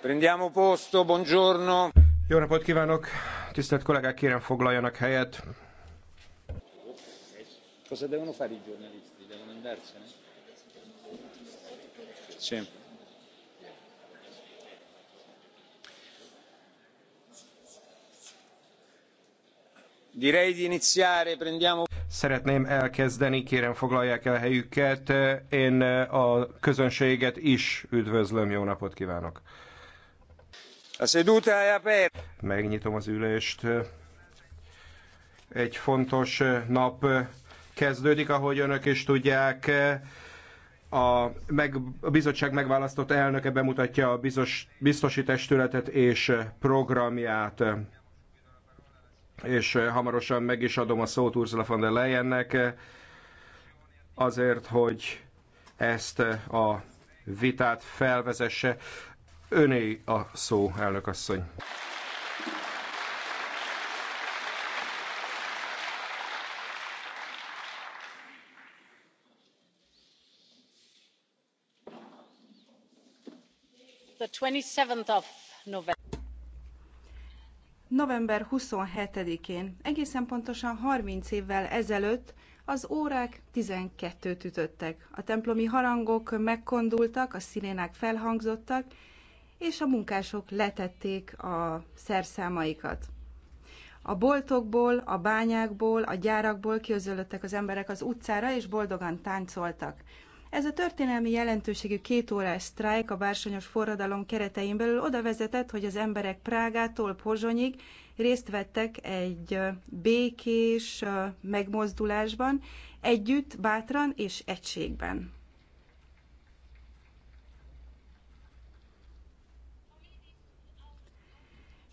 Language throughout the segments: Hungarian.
Prendiamo posto, buongiorno. Jó napot kívánok! Tisztelt kollégák, kérem foglaljanak helyet. Cosa devono fare i giornalisti? Devono andarsene? Sì. Direi di iniziare, prendiamo szeretném elkezdeni, kérem foglalják el helyüket. Én a közönséget is üdvözlöm, jó napot kívánok! Megnyitom az ülést. Egy fontos nap kezdődik, ahogy önök is tudják. A, meg, a bizottság megválasztott elnöke bemutatja a bizos, biztosi testületet és programját. És hamarosan meg is adom a szót Ursula von der Leyennek azért, hogy ezt a vitát felvezesse. Öné a szó, elnök asszony. november 27-én, egészen pontosan 30 évvel ezelőtt az órák 12-t ütöttek. A templomi harangok megkondultak, a szirénák felhangzottak, és a munkások letették a szerszámaikat. A boltokból, a bányákból, a gyárakból kiözölöttek az emberek az utcára, és boldogan táncoltak. Ez a történelmi jelentőségű kétórás sztrájk a bársonyos forradalom keretein belül oda vezetett, hogy az emberek Prágától Pozsonyig részt vettek egy békés megmozdulásban, együtt, bátran és egységben.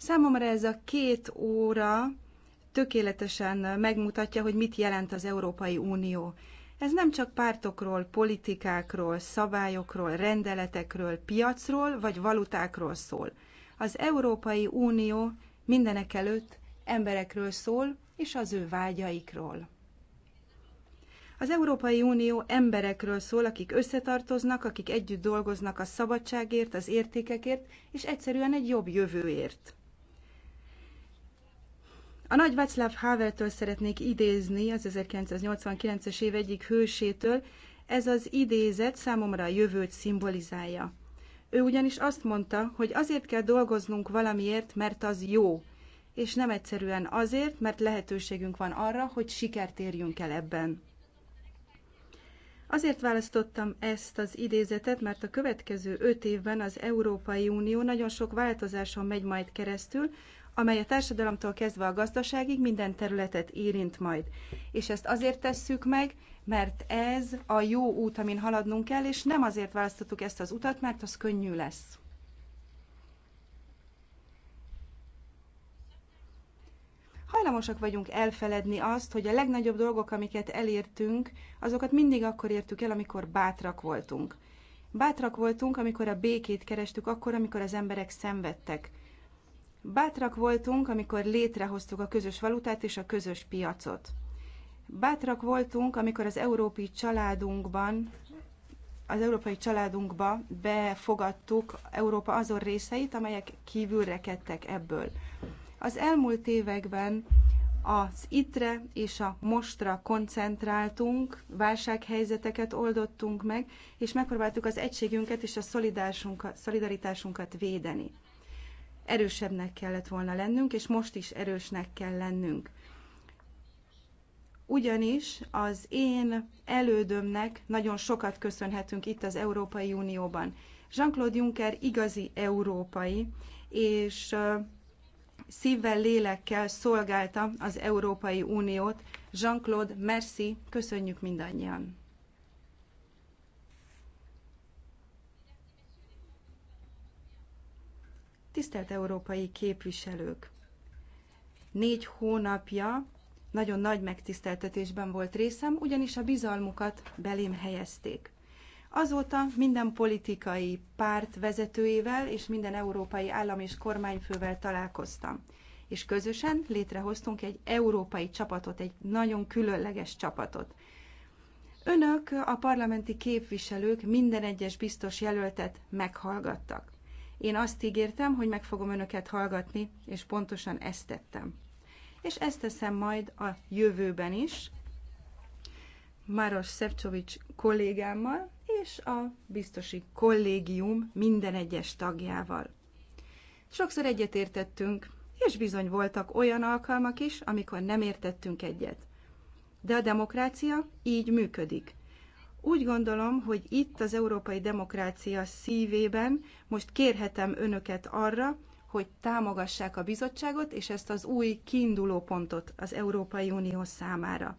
Számomra ez a két óra tökéletesen megmutatja, hogy mit jelent az Európai Unió. Ez nem csak pártokról, politikákról, szabályokról, rendeletekről, piacról vagy valutákról szól. Az Európai Unió mindenek előtt emberekről szól, és az ő vágyaikról. Az Európai Unió emberekről szól, akik összetartoznak, akik együtt dolgoznak a szabadságért, az értékekért, és egyszerűen egy jobb jövőért. A nagy Václav Haveltől szeretnék idézni, az 1989-es év egyik hősétől, ez az idézet számomra a jövőt szimbolizálja. Ő ugyanis azt mondta, hogy azért kell dolgoznunk valamiért, mert az jó, és nem egyszerűen azért, mert lehetőségünk van arra, hogy sikert érjünk el ebben. Azért választottam ezt az idézetet, mert a következő öt évben az Európai Unió nagyon sok változáson megy majd keresztül, amely a társadalomtól kezdve a gazdaságig minden területet érint majd. És ezt azért tesszük meg, mert ez a jó út, amin haladnunk kell, és nem azért választottuk ezt az utat, mert az könnyű lesz. hajlamosak vagyunk elfeledni azt, hogy a legnagyobb dolgok, amiket elértünk, azokat mindig akkor értük el, amikor bátrak voltunk. Bátrak voltunk, amikor a békét kerestük, akkor, amikor az emberek szenvedtek. Bátrak voltunk, amikor létrehoztuk a közös valutát és a közös piacot. Bátrak voltunk, amikor az európai családunkban az európai családunkba befogadtuk Európa azon részeit, amelyek rekedtek ebből. Az elmúlt években az ittre és a mostra koncentráltunk, válsághelyzeteket oldottunk meg, és megpróbáltuk az egységünket és a szolidaritásunkat védeni erősebbnek kellett volna lennünk, és most is erősnek kell lennünk. Ugyanis az én elődömnek nagyon sokat köszönhetünk itt az Európai Unióban. Jean-Claude Juncker igazi európai, és szívvel, lélekkel szolgálta az Európai Uniót. Jean-Claude, merci, köszönjük mindannyian! Tisztelt európai képviselők! Négy hónapja nagyon nagy megtiszteltetésben volt részem, ugyanis a bizalmukat belém helyezték. Azóta minden politikai párt vezetőjével és minden európai állam és kormányfővel találkoztam. És közösen létrehoztunk egy európai csapatot, egy nagyon különleges csapatot. Önök, a parlamenti képviselők minden egyes biztos jelöltet meghallgattak. Én azt ígértem, hogy meg fogom önöket hallgatni, és pontosan ezt tettem. És ezt teszem majd a jövőben is, Máros Szevcsovics kollégámmal és a biztosi kollégium minden egyes tagjával. Sokszor egyetértettünk, és bizony voltak olyan alkalmak is, amikor nem értettünk egyet. De a demokrácia így működik. Úgy gondolom, hogy itt az európai demokrácia szívében most kérhetem önöket arra, hogy támogassák a bizottságot és ezt az új kiinduló pontot az Európai Unió számára.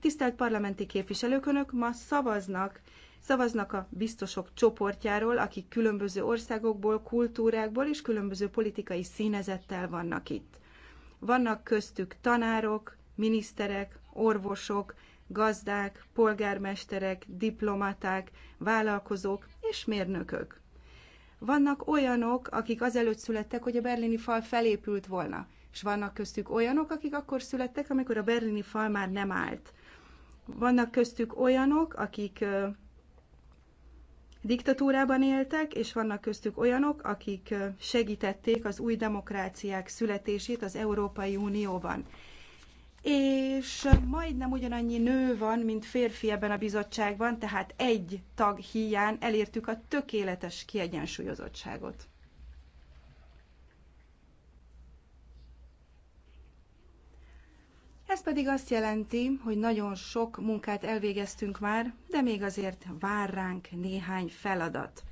Tisztelt parlamenti képviselők, önök ma szavaznak szavaznak a biztosok csoportjáról, akik különböző országokból, kultúrákból és különböző politikai színezettel vannak itt. Vannak köztük tanárok, miniszterek, orvosok, gazdák, polgármesterek, diplomaták, vállalkozók és mérnökök. Vannak olyanok, akik azelőtt születtek, hogy a berlini fal felépült volna, és vannak köztük olyanok, akik akkor születtek, amikor a berlini fal már nem állt. Vannak köztük olyanok, akik diktatúrában éltek, és vannak köztük olyanok, akik segítették az új demokráciák születését az Európai Unióban és majdnem ugyanannyi nő van, mint férfi ebben a bizottságban, tehát egy tag hiány elértük a tökéletes kiegyensúlyozottságot. Ez pedig azt jelenti, hogy nagyon sok munkát elvégeztünk már, de még azért vár ránk néhány feladat.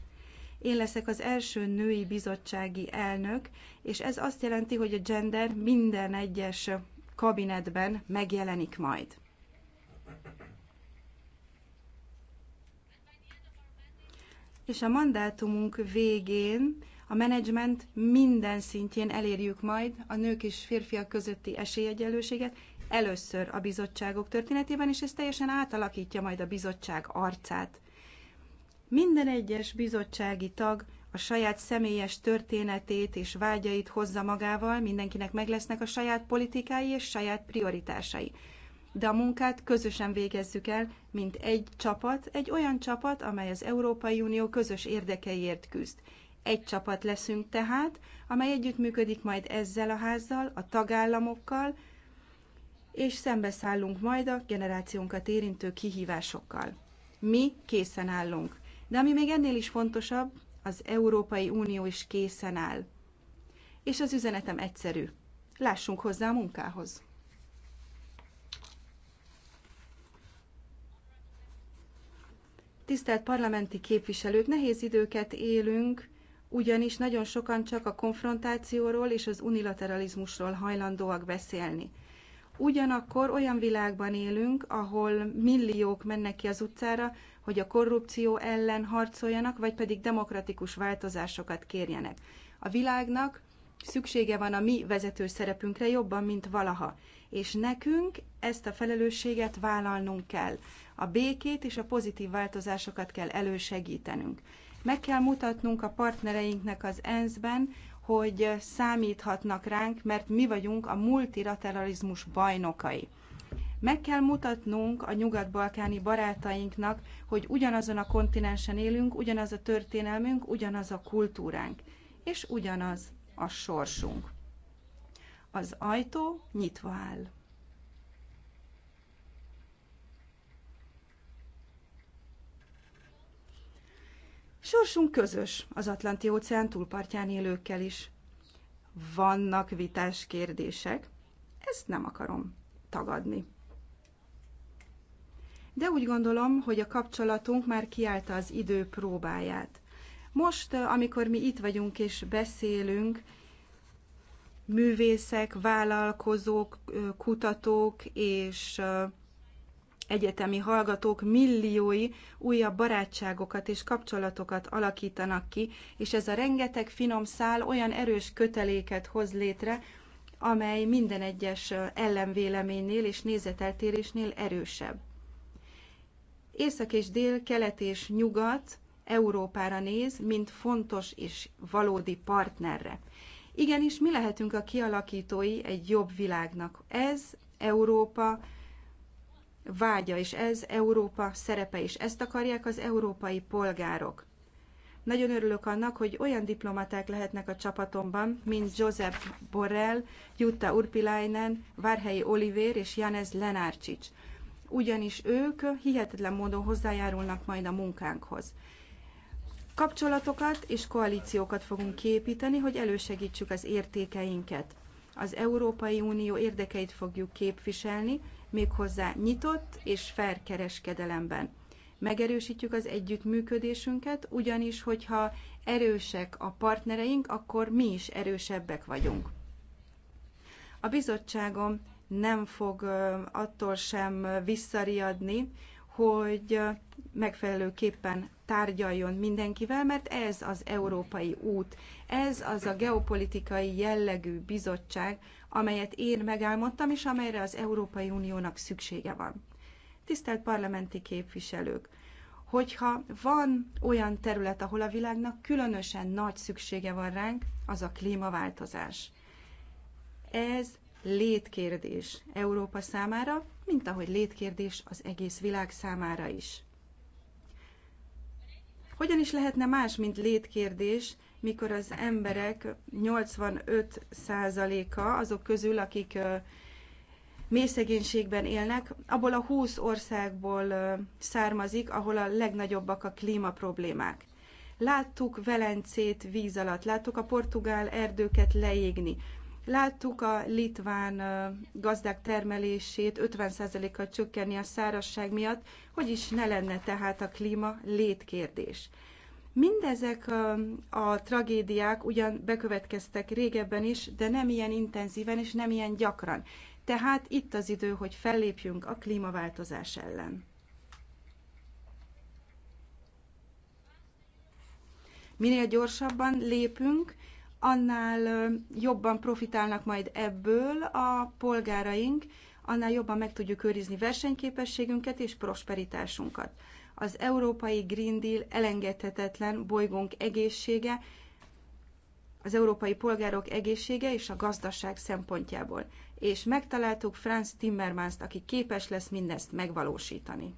Én leszek az első női bizottsági elnök, és ez azt jelenti, hogy a gender minden egyes kabinetben megjelenik majd. És a mandátumunk végén a menedzsment minden szintjén elérjük majd a nők és férfiak közötti esélyegyenlőséget, először a bizottságok történetében, és ez teljesen átalakítja majd a bizottság arcát. Minden egyes bizottsági tag a saját személyes történetét és vágyait hozza magával, mindenkinek meg lesznek a saját politikái és saját prioritásai. De a munkát közösen végezzük el, mint egy csapat, egy olyan csapat, amely az Európai Unió közös érdekeiért küzd. Egy csapat leszünk tehát, amely együttműködik majd ezzel a házzal, a tagállamokkal, és szembeszállunk majd a generációnkat érintő kihívásokkal. Mi készen állunk. De ami még ennél is fontosabb, az Európai Unió is készen áll. És az üzenetem egyszerű. Lássunk hozzá a munkához. Tisztelt parlamenti képviselők, nehéz időket élünk, ugyanis nagyon sokan csak a konfrontációról és az unilateralizmusról hajlandóak beszélni. Ugyanakkor olyan világban élünk, ahol milliók mennek ki az utcára, hogy a korrupció ellen harcoljanak, vagy pedig demokratikus változásokat kérjenek. A világnak szüksége van a mi vezető szerepünkre jobban, mint valaha. És nekünk ezt a felelősséget vállalnunk kell. A békét és a pozitív változásokat kell elősegítenünk. Meg kell mutatnunk a partnereinknek az ENSZ-ben, hogy számíthatnak ránk, mert mi vagyunk a multilateralizmus bajnokai. Meg kell mutatnunk a nyugat-balkáni barátainknak, hogy ugyanazon a kontinensen élünk, ugyanaz a történelmünk, ugyanaz a kultúránk, és ugyanaz a sorsunk. Az ajtó nyitva áll. Sorsunk közös az Atlanti-óceán túlpartján élőkkel is. Vannak vitás kérdések, ezt nem akarom tagadni de úgy gondolom, hogy a kapcsolatunk már kiállta az idő próbáját. Most, amikor mi itt vagyunk és beszélünk, művészek, vállalkozók, kutatók és egyetemi hallgatók milliói újabb barátságokat és kapcsolatokat alakítanak ki, és ez a rengeteg finom szál olyan erős köteléket hoz létre, amely minden egyes ellenvéleménynél és nézeteltérésnél erősebb. Észak és dél, kelet és nyugat Európára néz, mint fontos és valódi partnerre. Igenis, mi lehetünk a kialakítói egy jobb világnak. Ez Európa vágya, és ez Európa szerepe, és ezt akarják az európai polgárok. Nagyon örülök annak, hogy olyan diplomaták lehetnek a csapatomban, mint Josep Borrell, Jutta Urpilainen, Várhelyi Oliver és Janez Lenárcsics ugyanis ők hihetetlen módon hozzájárulnak majd a munkánkhoz. Kapcsolatokat és koalíciókat fogunk képíteni, hogy elősegítsük az értékeinket. Az Európai Unió érdekeit fogjuk képviselni, méghozzá nyitott és fair kereskedelemben. Megerősítjük az együttműködésünket, ugyanis, hogyha erősek a partnereink, akkor mi is erősebbek vagyunk. A bizottságom nem fog attól sem visszariadni, hogy megfelelőképpen tárgyaljon mindenkivel, mert ez az európai út, ez az a geopolitikai jellegű bizottság, amelyet én megálmodtam, és amelyre az Európai Uniónak szüksége van. Tisztelt parlamenti képviselők! Hogyha van olyan terület, ahol a világnak különösen nagy szüksége van ránk, az a klímaváltozás. Ez létkérdés Európa számára, mint ahogy létkérdés az egész világ számára is. Hogyan is lehetne más, mint létkérdés, mikor az emberek 85%-a azok közül, akik mélyszegénységben élnek, abból a 20 országból származik, ahol a legnagyobbak a klíma problémák. Láttuk Velencét víz alatt, láttuk a portugál erdőket leégni, Láttuk a litván gazdák termelését 50%-kal csökkenni a szárazság miatt, hogy is ne lenne tehát a klíma létkérdés. Mindezek a tragédiák ugyan bekövetkeztek régebben is, de nem ilyen intenzíven és nem ilyen gyakran. Tehát itt az idő, hogy fellépjünk a klímaváltozás ellen. Minél gyorsabban lépünk, annál jobban profitálnak majd ebből a polgáraink, annál jobban meg tudjuk őrizni versenyképességünket és prosperitásunkat. Az európai Green Deal elengedhetetlen bolygónk egészsége, az európai polgárok egészsége és a gazdaság szempontjából. És megtaláltuk Franz Timmermans-t, aki képes lesz mindezt megvalósítani.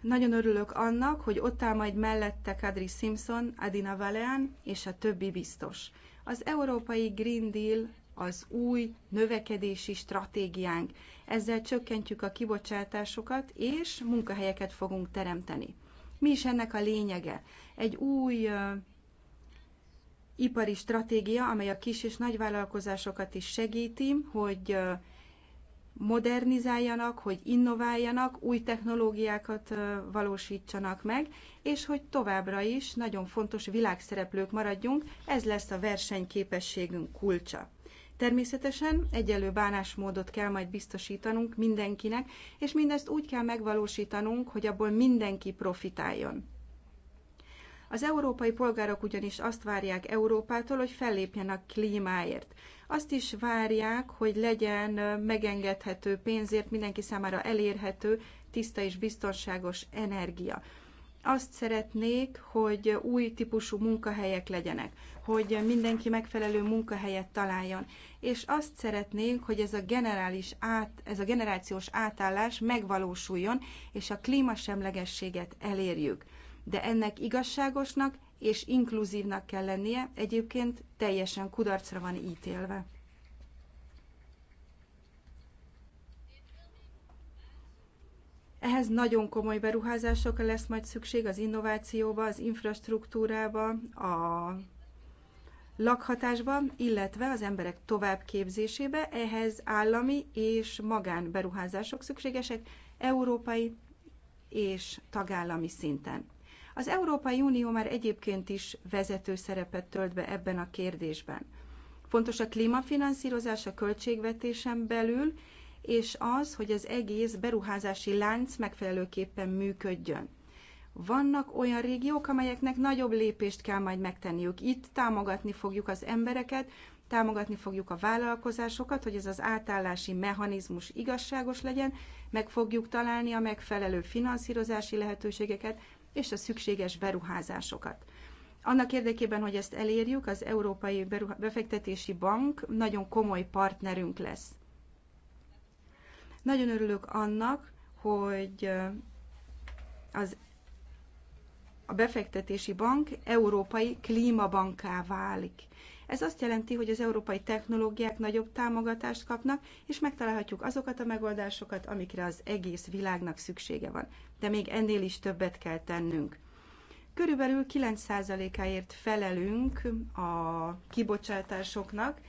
Nagyon örülök annak, hogy ott áll majd mellette Kadri Simpson, Adina Valean és a többi biztos. Az Európai Green Deal az új növekedési stratégiánk. Ezzel csökkentjük a kibocsátásokat, és munkahelyeket fogunk teremteni. Mi is ennek a lényege? Egy új uh, ipari stratégia, amely a kis és nagyvállalkozásokat is segíti, hogy uh, modernizáljanak, hogy innováljanak, új technológiákat valósítsanak meg, és hogy továbbra is nagyon fontos világszereplők maradjunk, ez lesz a versenyképességünk kulcsa. Természetesen egyelő bánásmódot kell majd biztosítanunk mindenkinek, és mindezt úgy kell megvalósítanunk, hogy abból mindenki profitáljon. Az európai polgárok ugyanis azt várják Európától, hogy fellépjen a klímáért. Azt is várják, hogy legyen megengedhető pénzért, mindenki számára elérhető, tiszta és biztonságos energia azt szeretnék, hogy új típusú munkahelyek legyenek, hogy mindenki megfelelő munkahelyet találjon, és azt szeretnénk, hogy ez a, generális át, ez a generációs átállás megvalósuljon, és a klímasemlegességet elérjük de ennek igazságosnak és inkluzívnak kell lennie, egyébként teljesen kudarcra van ítélve. Ehhez nagyon komoly beruházásokra lesz majd szükség az innovációba, az infrastruktúrába, a lakhatásba, illetve az emberek továbbképzésébe. Ehhez állami és magán beruházások szükségesek európai és tagállami szinten. Az Európai Unió már egyébként is vezető szerepet tölt be ebben a kérdésben. Fontos a klímafinanszírozás a költségvetésen belül, és az, hogy az egész beruházási lánc megfelelőképpen működjön. Vannak olyan régiók, amelyeknek nagyobb lépést kell majd megtenniük. Itt támogatni fogjuk az embereket, támogatni fogjuk a vállalkozásokat, hogy ez az átállási mechanizmus igazságos legyen, meg fogjuk találni a megfelelő finanszírozási lehetőségeket, és a szükséges beruházásokat. Annak érdekében, hogy ezt elérjük, az Európai Befektetési Bank nagyon komoly partnerünk lesz. Nagyon örülök annak, hogy az a befektetési bank európai klímabanká válik. Ez azt jelenti, hogy az európai technológiák nagyobb támogatást kapnak, és megtalálhatjuk azokat a megoldásokat, amikre az egész világnak szüksége van. De még ennél is többet kell tennünk. Körülbelül 9%-áért felelünk a kibocsátásoknak,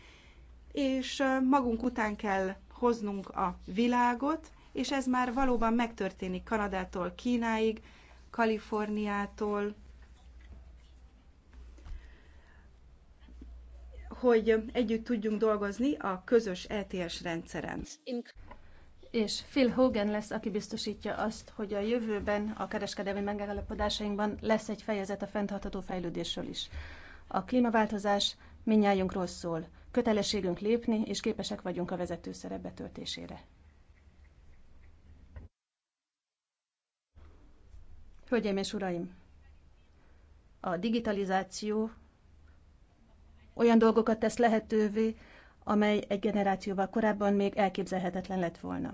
és magunk után kell hoznunk a világot, és ez már valóban megtörténik Kanadától Kínáig, Kaliforniától hogy együtt tudjunk dolgozni a közös ETS rendszeren. És Phil Hogan lesz, aki biztosítja azt, hogy a jövőben a kereskedelmi megállapodásainkban lesz egy fejezet a fenntartható fejlődésről is. A klímaváltozás minnyájunk rosszul. Kötelességünk lépni, és képesek vagyunk a vezető szerep betöltésére. Hölgyeim és Uraim! A digitalizáció olyan dolgokat tesz lehetővé, amely egy generációval korábban még elképzelhetetlen lett volna.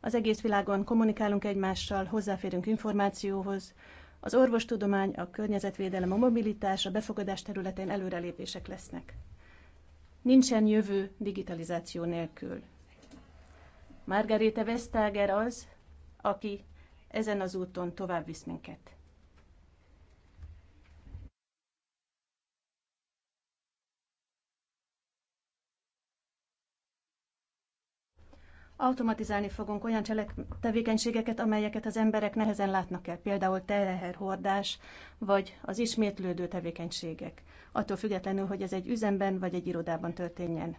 Az egész világon kommunikálunk egymással, hozzáférünk információhoz, az orvostudomány, a környezetvédelem, a mobilitás, a befogadás területén előrelépések lesznek. Nincsen jövő digitalizáció nélkül. Margarete Vestager az, aki ezen az úton tovább visz minket. Automatizálni fogunk olyan cselek tevékenységeket, amelyeket az emberek nehezen látnak el, például teleherhordás, vagy az ismétlődő tevékenységek, attól függetlenül, hogy ez egy üzemben vagy egy irodában történjen.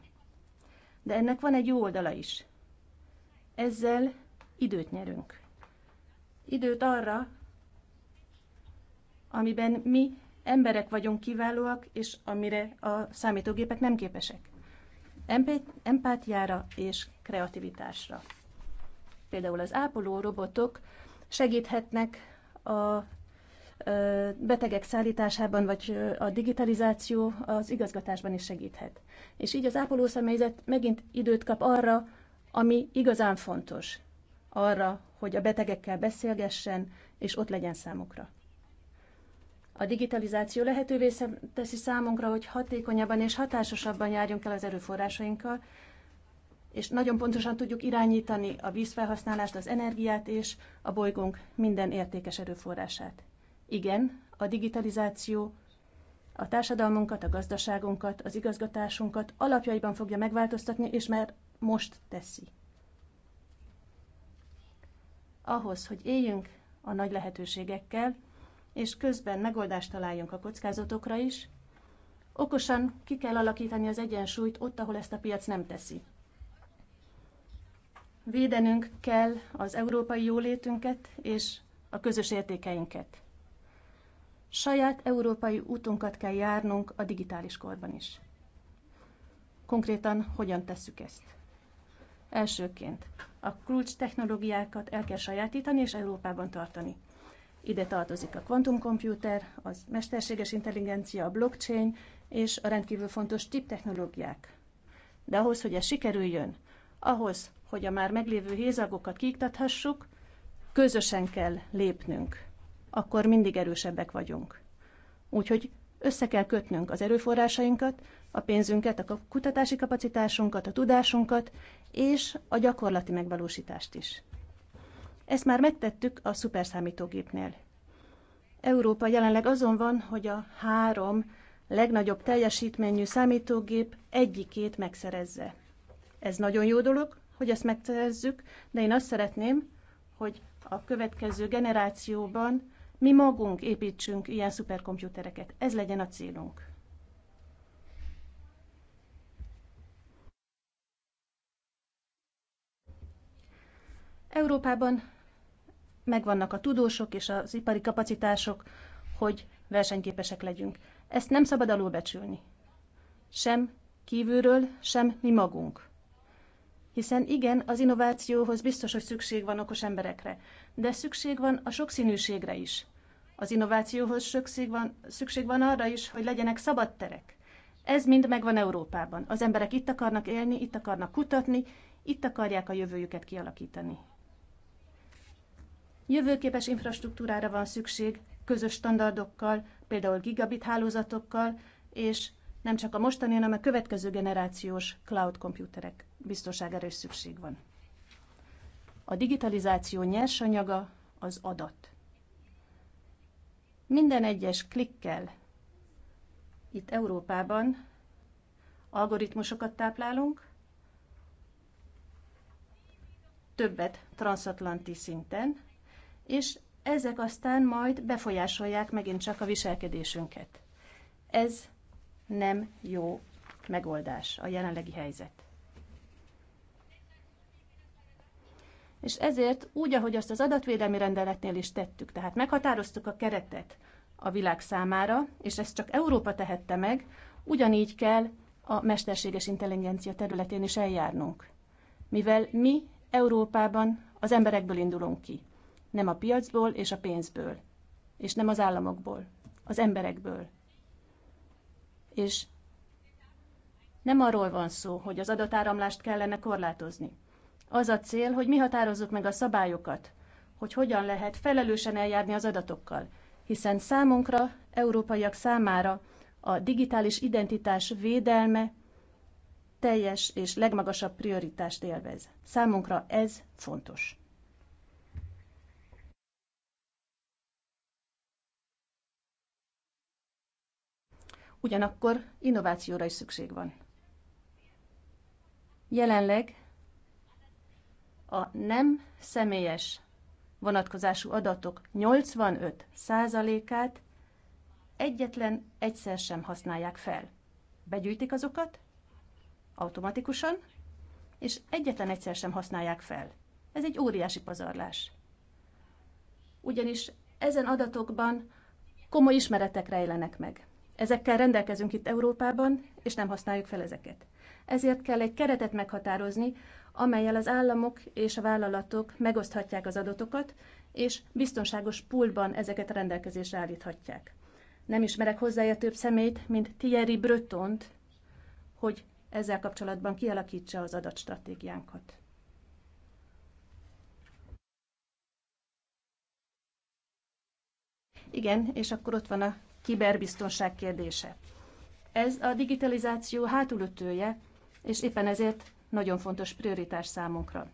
De ennek van egy jó oldala is. Ezzel időt nyerünk. Időt arra, amiben mi emberek vagyunk kiválóak, és amire a számítógépek nem képesek. Empátiára és kreativitásra. Például az ápoló robotok segíthetnek a betegek szállításában, vagy a digitalizáció az igazgatásban is segíthet. És így az ápoló személyzet megint időt kap arra, ami igazán fontos. Arra, hogy a betegekkel beszélgessen, és ott legyen számukra. A digitalizáció lehetővé teszi számunkra, hogy hatékonyabban és hatásosabban járjunk el az erőforrásainkkal, és nagyon pontosan tudjuk irányítani a vízfelhasználást, az energiát és a bolygónk minden értékes erőforrását. Igen, a digitalizáció a társadalmunkat, a gazdaságunkat, az igazgatásunkat alapjaiban fogja megváltoztatni, és már most teszi. Ahhoz, hogy éljünk a nagy lehetőségekkel, és közben megoldást találjunk a kockázatokra is, okosan ki kell alakítani az egyensúlyt ott, ahol ezt a piac nem teszi. Védenünk kell az európai jólétünket és a közös értékeinket. Saját európai útunkat kell járnunk a digitális korban is. Konkrétan hogyan tesszük ezt? Elsőként a kulcs technológiákat el kell sajátítani és Európában tartani. Ide tartozik a kvantumkomputer, az mesterséges intelligencia, a blockchain és a rendkívül fontos chip technológiák. De ahhoz, hogy ez sikerüljön, ahhoz, hogy a már meglévő hézagokat kiiktathassuk, közösen kell lépnünk. Akkor mindig erősebbek vagyunk. Úgyhogy össze kell kötnünk az erőforrásainkat, a pénzünket, a kutatási kapacitásunkat, a tudásunkat, és a gyakorlati megvalósítást is. Ezt már megtettük a szuperszámítógépnél. Európa jelenleg azon van, hogy a három legnagyobb teljesítményű számítógép egyikét megszerezze. Ez nagyon jó dolog, hogy ezt megszerezzük, de én azt szeretném, hogy a következő generációban mi magunk építsünk ilyen szuperkomputereket. Ez legyen a célunk. Európában megvannak a tudósok és az ipari kapacitások, hogy versenyképesek legyünk. Ezt nem szabad alulbecsülni. Sem kívülről, sem mi magunk. Hiszen igen, az innovációhoz biztos, hogy szükség van okos emberekre, de szükség van a sokszínűségre is. Az innovációhoz szükség van, szükség van arra is, hogy legyenek szabad terek. Ez mind megvan Európában. Az emberek itt akarnak élni, itt akarnak kutatni, itt akarják a jövőjüket kialakítani. Jövőképes infrastruktúrára van szükség, közös standardokkal, például gigabit hálózatokkal, és nem csak a mostani, hanem a következő generációs cloud komputerek biztonságára is szükség van. A digitalizáció nyersanyaga az adat. Minden egyes klikkel itt Európában algoritmusokat táplálunk, többet transatlanti szinten, és ezek aztán majd befolyásolják megint csak a viselkedésünket. Ez nem jó megoldás a jelenlegi helyzet. És ezért úgy, ahogy azt az adatvédelmi rendeletnél is tettük, tehát meghatároztuk a keretet a világ számára, és ezt csak Európa tehette meg, ugyanígy kell a mesterséges intelligencia területén is eljárnunk. Mivel mi Európában az emberekből indulunk ki, nem a piacból és a pénzből, és nem az államokból, az emberekből. És nem arról van szó, hogy az adatáramlást kellene korlátozni. Az a cél, hogy mi határozzuk meg a szabályokat, hogy hogyan lehet felelősen eljárni az adatokkal, hiszen számunkra, európaiak számára a digitális identitás védelme teljes és legmagasabb prioritást élvez. Számunkra ez fontos. Ugyanakkor innovációra is szükség van. Jelenleg a nem személyes vonatkozású adatok 85%-át egyetlen egyszer sem használják fel. Begyűjtik azokat automatikusan, és egyetlen egyszer sem használják fel. Ez egy óriási pazarlás. Ugyanis ezen adatokban komoly ismeretek rejlenek meg. Ezekkel rendelkezünk itt Európában, és nem használjuk fel ezeket. Ezért kell egy keretet meghatározni, amelyel az államok és a vállalatok megoszthatják az adatokat, és biztonságos pultban ezeket a rendelkezésre állíthatják. Nem ismerek hozzája több szemét, mint Thierry Bretont, hogy ezzel kapcsolatban kialakítsa az adatstratégiánkat. Igen, és akkor ott van a kiberbiztonság kérdése. Ez a digitalizáció hátulütője, és éppen ezért nagyon fontos prioritás számunkra.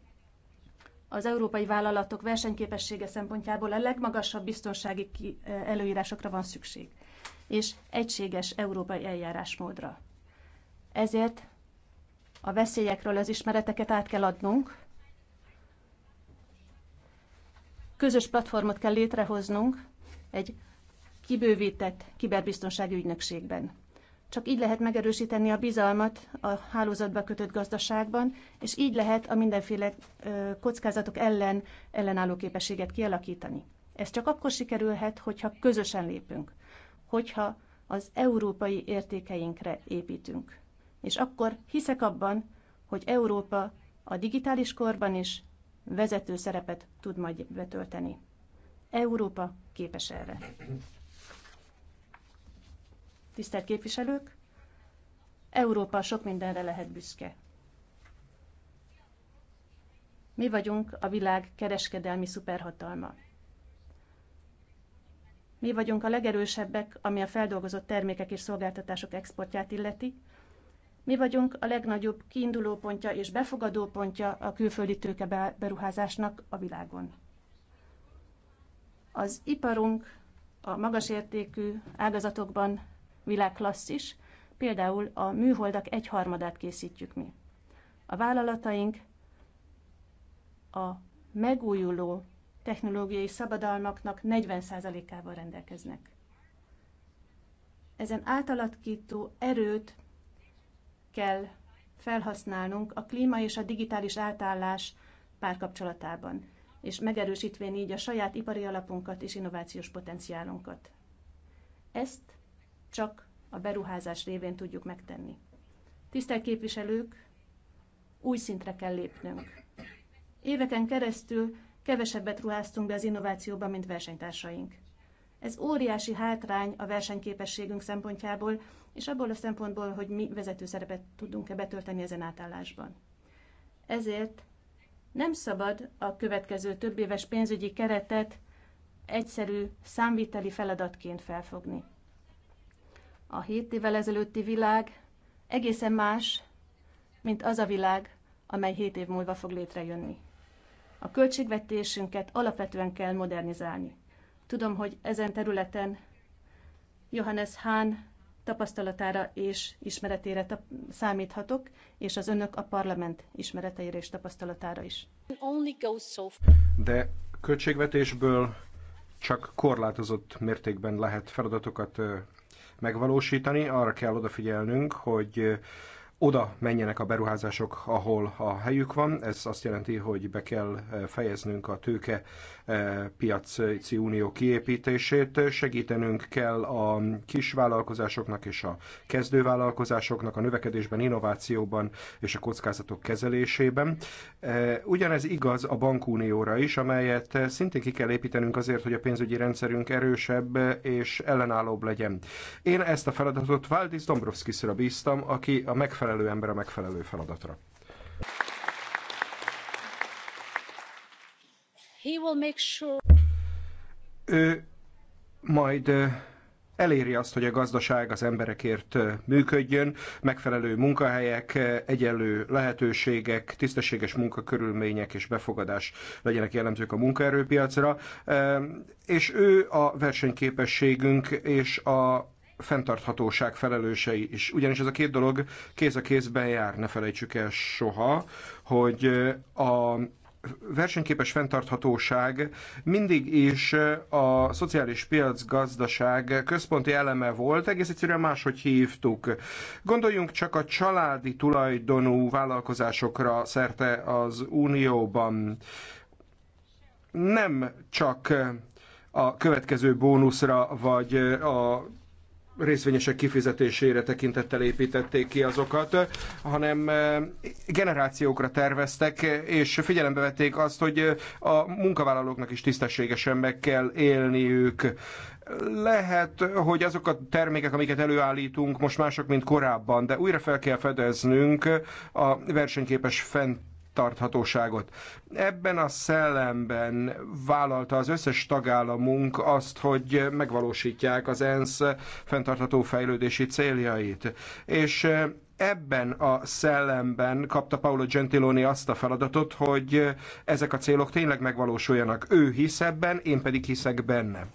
Az európai vállalatok versenyképessége szempontjából a legmagasabb biztonsági előírásokra van szükség, és egységes európai eljárásmódra. Ezért a veszélyekről az ismereteket át kell adnunk, közös platformot kell létrehoznunk, egy kibővített kiberbiztonsági ügynökségben. Csak így lehet megerősíteni a bizalmat a hálózatba kötött gazdaságban, és így lehet a mindenféle kockázatok ellen ellenálló képességet kialakítani. Ez csak akkor sikerülhet, hogyha közösen lépünk, hogyha az európai értékeinkre építünk. És akkor hiszek abban, hogy Európa a digitális korban is vezető szerepet tud majd betölteni. Európa képes erre. Tisztelt képviselők, Európa sok mindenre lehet büszke. Mi vagyunk a világ kereskedelmi szuperhatalma. Mi vagyunk a legerősebbek, ami a feldolgozott termékek és szolgáltatások exportját illeti. Mi vagyunk a legnagyobb kiindulópontja és befogadópontja a külföldi tőke beruházásnak a világon. Az iparunk a magasértékű ágazatokban világklasszis, például a műholdak egyharmadát készítjük mi. A vállalataink a megújuló technológiai szabadalmaknak 40%-ával rendelkeznek. Ezen átalakító erőt kell felhasználnunk a klíma és a digitális átállás párkapcsolatában, és megerősítvén így a saját ipari alapunkat és innovációs potenciálunkat. Ezt csak a beruházás révén tudjuk megtenni. Tisztelt képviselők, új szintre kell lépnünk. Éveken keresztül kevesebbet ruháztunk be az innovációba, mint versenytársaink. Ez óriási hátrány a versenyképességünk szempontjából, és abból a szempontból, hogy mi vezető szerepet tudunk-e betölteni ezen átállásban. Ezért nem szabad a következő több éves pénzügyi keretet egyszerű számviteli feladatként felfogni a hét évvel ezelőtti világ egészen más, mint az a világ, amely hét év múlva fog létrejönni. A költségvetésünket alapvetően kell modernizálni. Tudom, hogy ezen területen Johannes Hahn tapasztalatára és ismeretére tap- számíthatok, és az önök a parlament ismereteire és tapasztalatára is. De költségvetésből csak korlátozott mértékben lehet feladatokat megvalósítani. Arra kell odafigyelnünk, hogy oda menjenek a beruházások, ahol a helyük van. Ez azt jelenti, hogy be kell eh, fejeznünk a tőke eh, piaci unió kiépítését, segítenünk kell a kisvállalkozásoknak és a kezdővállalkozásoknak a növekedésben, innovációban és a kockázatok kezelésében. Eh, ugyanez igaz a bankunióra is, amelyet szintén ki kell építenünk azért, hogy a pénzügyi rendszerünk erősebb és ellenállóbb legyen. Én ezt a feladatot Valdis Dombrovskisra bíztam, aki a megfelelő megfelelő ember a megfelelő feladatra. He will make sure... Ő majd eléri azt, hogy a gazdaság az emberekért működjön, megfelelő munkahelyek, egyenlő lehetőségek, tisztességes munkakörülmények és befogadás legyenek jellemzők a munkaerőpiacra, és ő a versenyképességünk és a fenntarthatóság felelősei is. Ugyanis ez a két dolog kéz a kézben jár, ne felejtsük el soha, hogy a versenyképes fenntarthatóság mindig is a szociális piacgazdaság központi eleme volt, egész egyszerűen máshogy hívtuk. Gondoljunk csak a családi tulajdonú vállalkozásokra szerte az Unióban. Nem csak a következő bónuszra, vagy a részvényesek kifizetésére tekintettel építették ki azokat, hanem eh, generációkra terveztek, és figyelembe vették azt, hogy eh, a munkavállalóknak is tisztességesen meg kell élniük. Lehet, hogy azok a termékek, amiket előállítunk, most mások, mint korábban, de újra fel kell fedeznünk a versenyképes fent fenntarthatóságot. Ebben a szellemben vállalta az összes tagállamunk azt, hogy megvalósítják az ENSZ fenntartható fejlődési céljait. És ebben a szellemben kapta Paolo Gentiloni azt a feladatot, hogy ezek a célok tényleg megvalósuljanak. Ő hisz ebben, én pedig hiszek benne.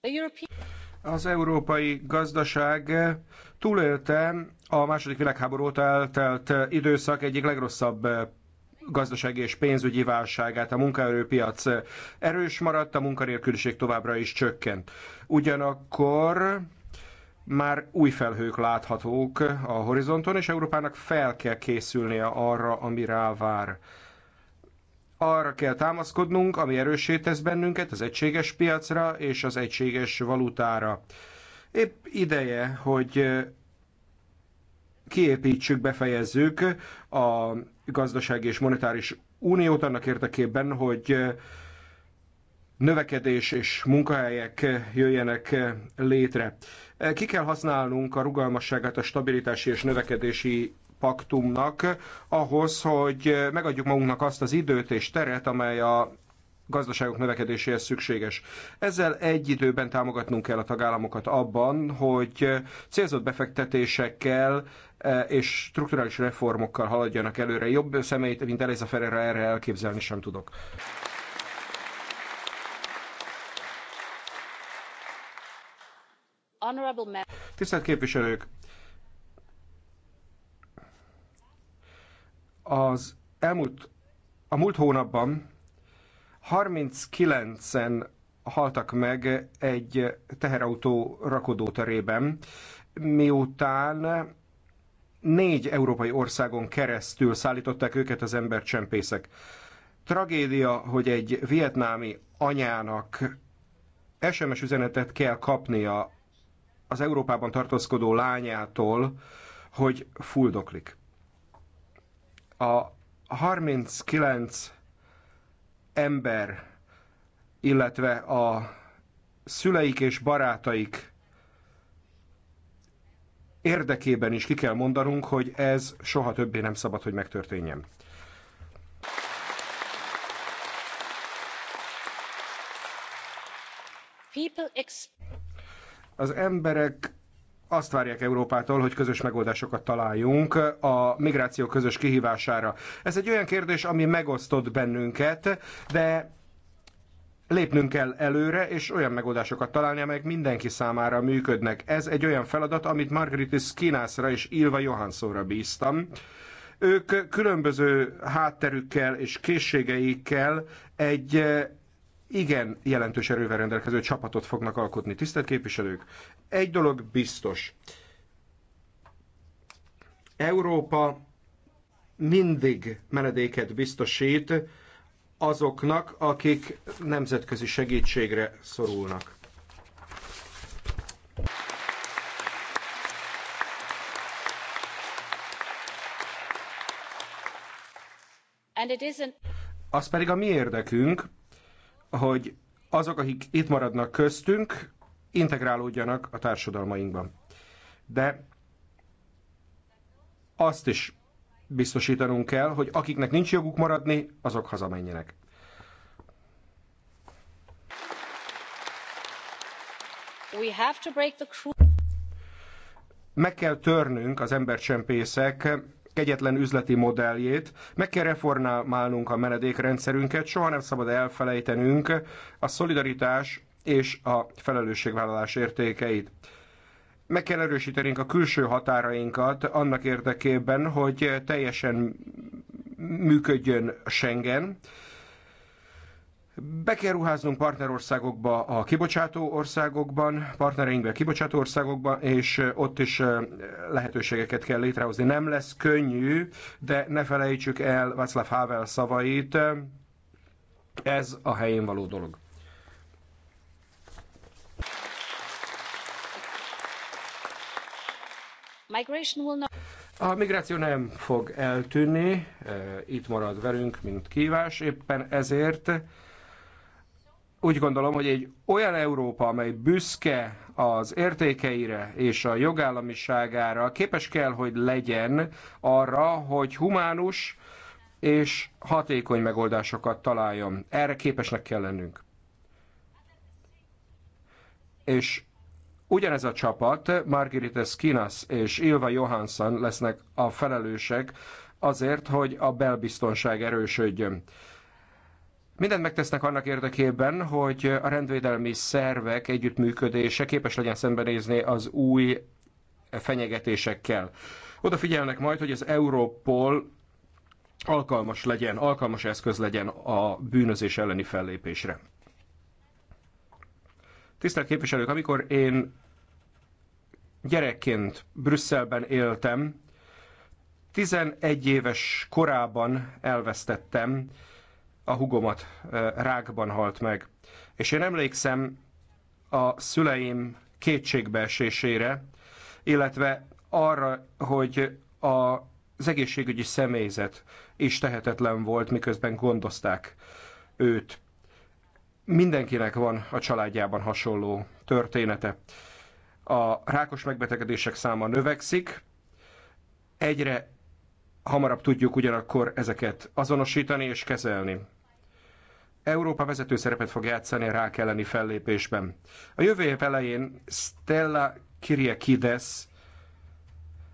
The European az európai gazdaság túlélte a második világháború óta eltelt időszak egyik legrosszabb gazdasági és pénzügyi válságát, a munkaerőpiac erős maradt, a munkanélküliség továbbra is csökkent. Ugyanakkor már új felhők láthatók a horizonton, és Európának fel kell készülnie arra, ami rá vár arra kell támaszkodnunk, ami erősé tesz bennünket, az egységes piacra és az egységes valutára. Épp ideje, hogy kiépítsük, befejezzük a gazdasági és monetáris uniót annak érdekében, hogy növekedés és munkahelyek jöjjenek létre. Ki kell használnunk a rugalmasságát a stabilitási és növekedési paktumnak ahhoz, hogy megadjuk magunknak azt az időt és teret, amely a gazdaságok növekedéséhez szükséges. Ezzel egy időben támogatnunk kell a tagállamokat abban, hogy célzott befektetésekkel e, és strukturális reformokkal haladjanak előre. Jobb személyt, mint Eliza Ferreira erre elképzelni sem tudok. Tisztelt képviselők! Az elmúlt, a múlt hónapban 39-en haltak meg egy teherautó rakodóterében, miután négy európai országon keresztül szállították őket az embercsempészek. Tragédia, hogy egy vietnámi anyának SMS üzenetet kell kapnia az Európában tartózkodó lányától, hogy fuldoklik a 39 ember, illetve a szüleik és barátaik érdekében is ki kell mondanunk, hogy ez soha többé nem szabad, hogy megtörténjen. Az emberek azt várják Európától, hogy közös megoldásokat találjunk a migráció közös kihívására. Ez egy olyan kérdés, ami megosztott bennünket, de lépnünk kell előre, és olyan megoldásokat találni, amelyek mindenki számára működnek. Ez egy olyan feladat, amit Margaritis Skinászra és Ilva Johanszóra bíztam. Ők különböző hátterükkel és készségeikkel egy igen jelentős erővel rendelkező csapatot fognak alkotni. Tisztelt képviselők, egy dolog biztos. Európa mindig menedéket biztosít azoknak, akik nemzetközi segítségre szorulnak. Az pedig a mi érdekünk, hogy azok, akik itt maradnak köztünk, integrálódjanak a társadalmainkban. De azt is biztosítanunk kell, hogy akiknek nincs joguk maradni, azok hazamenjenek. We have to break the... Meg kell törnünk az embercsempészek kegyetlen üzleti modelljét. Meg kell reformálnunk a menedékrendszerünket, soha nem szabad elfelejtenünk a szolidaritás és a felelősségvállalás értékeit meg kell erősítenünk a külső határainkat annak érdekében, hogy teljesen működjön Schengen, be kell ruháznunk partnerországokba, a kibocsátó országokban, partnereinkbe a kibocsátó országokban, és ott is lehetőségeket kell létrehozni. Nem lesz könnyű, de ne felejtsük el Václav Havel szavait, ez a helyén való dolog. A migráció nem fog eltűnni, itt marad velünk, mint kívás, éppen ezért úgy gondolom, hogy egy olyan Európa, amely büszke az értékeire és a jogállamiságára, képes kell, hogy legyen arra, hogy humánus és hatékony megoldásokat találjon. Erre képesnek kell lennünk. És ugyanez a csapat, Margarita Skinas és Ilva Johansson lesznek a felelősek azért, hogy a belbiztonság erősödjön Mindent megtesznek annak érdekében, hogy a rendvédelmi szervek együttműködése képes legyen szembenézni az új fenyegetésekkel. Odafigyelnek majd, hogy az Európol alkalmas legyen, alkalmas eszköz legyen a bűnözés elleni fellépésre. Tisztelt képviselők, amikor én gyerekként Brüsszelben éltem, 11 éves korában elvesztettem a hugomat rákban halt meg. És én emlékszem a szüleim kétségbeesésére, illetve arra, hogy a, az egészségügyi személyzet is tehetetlen volt, miközben gondozták őt. Mindenkinek van a családjában hasonló története. A rákos megbetegedések száma növekszik, egyre hamarabb tudjuk ugyanakkor ezeket azonosítani és kezelni. Európa vezető szerepet fog játszani a rák elleni fellépésben. A jövő év elején Stella Kiriakides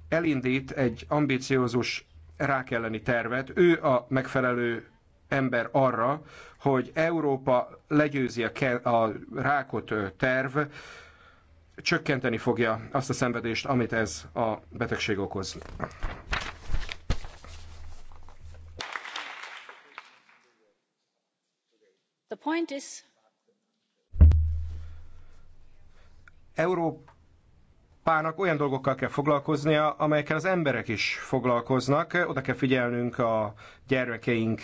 elindít egy ambiciózus rák elleni tervet. Ő a megfelelő ember arra, hogy Európa legyőzi a, a rákot terv, csökkenteni fogja azt a szenvedést, amit ez a betegség okoz. Európának olyan dolgokkal kell foglalkoznia, amelyekkel az emberek is foglalkoznak. Oda kell figyelnünk a gyermekeink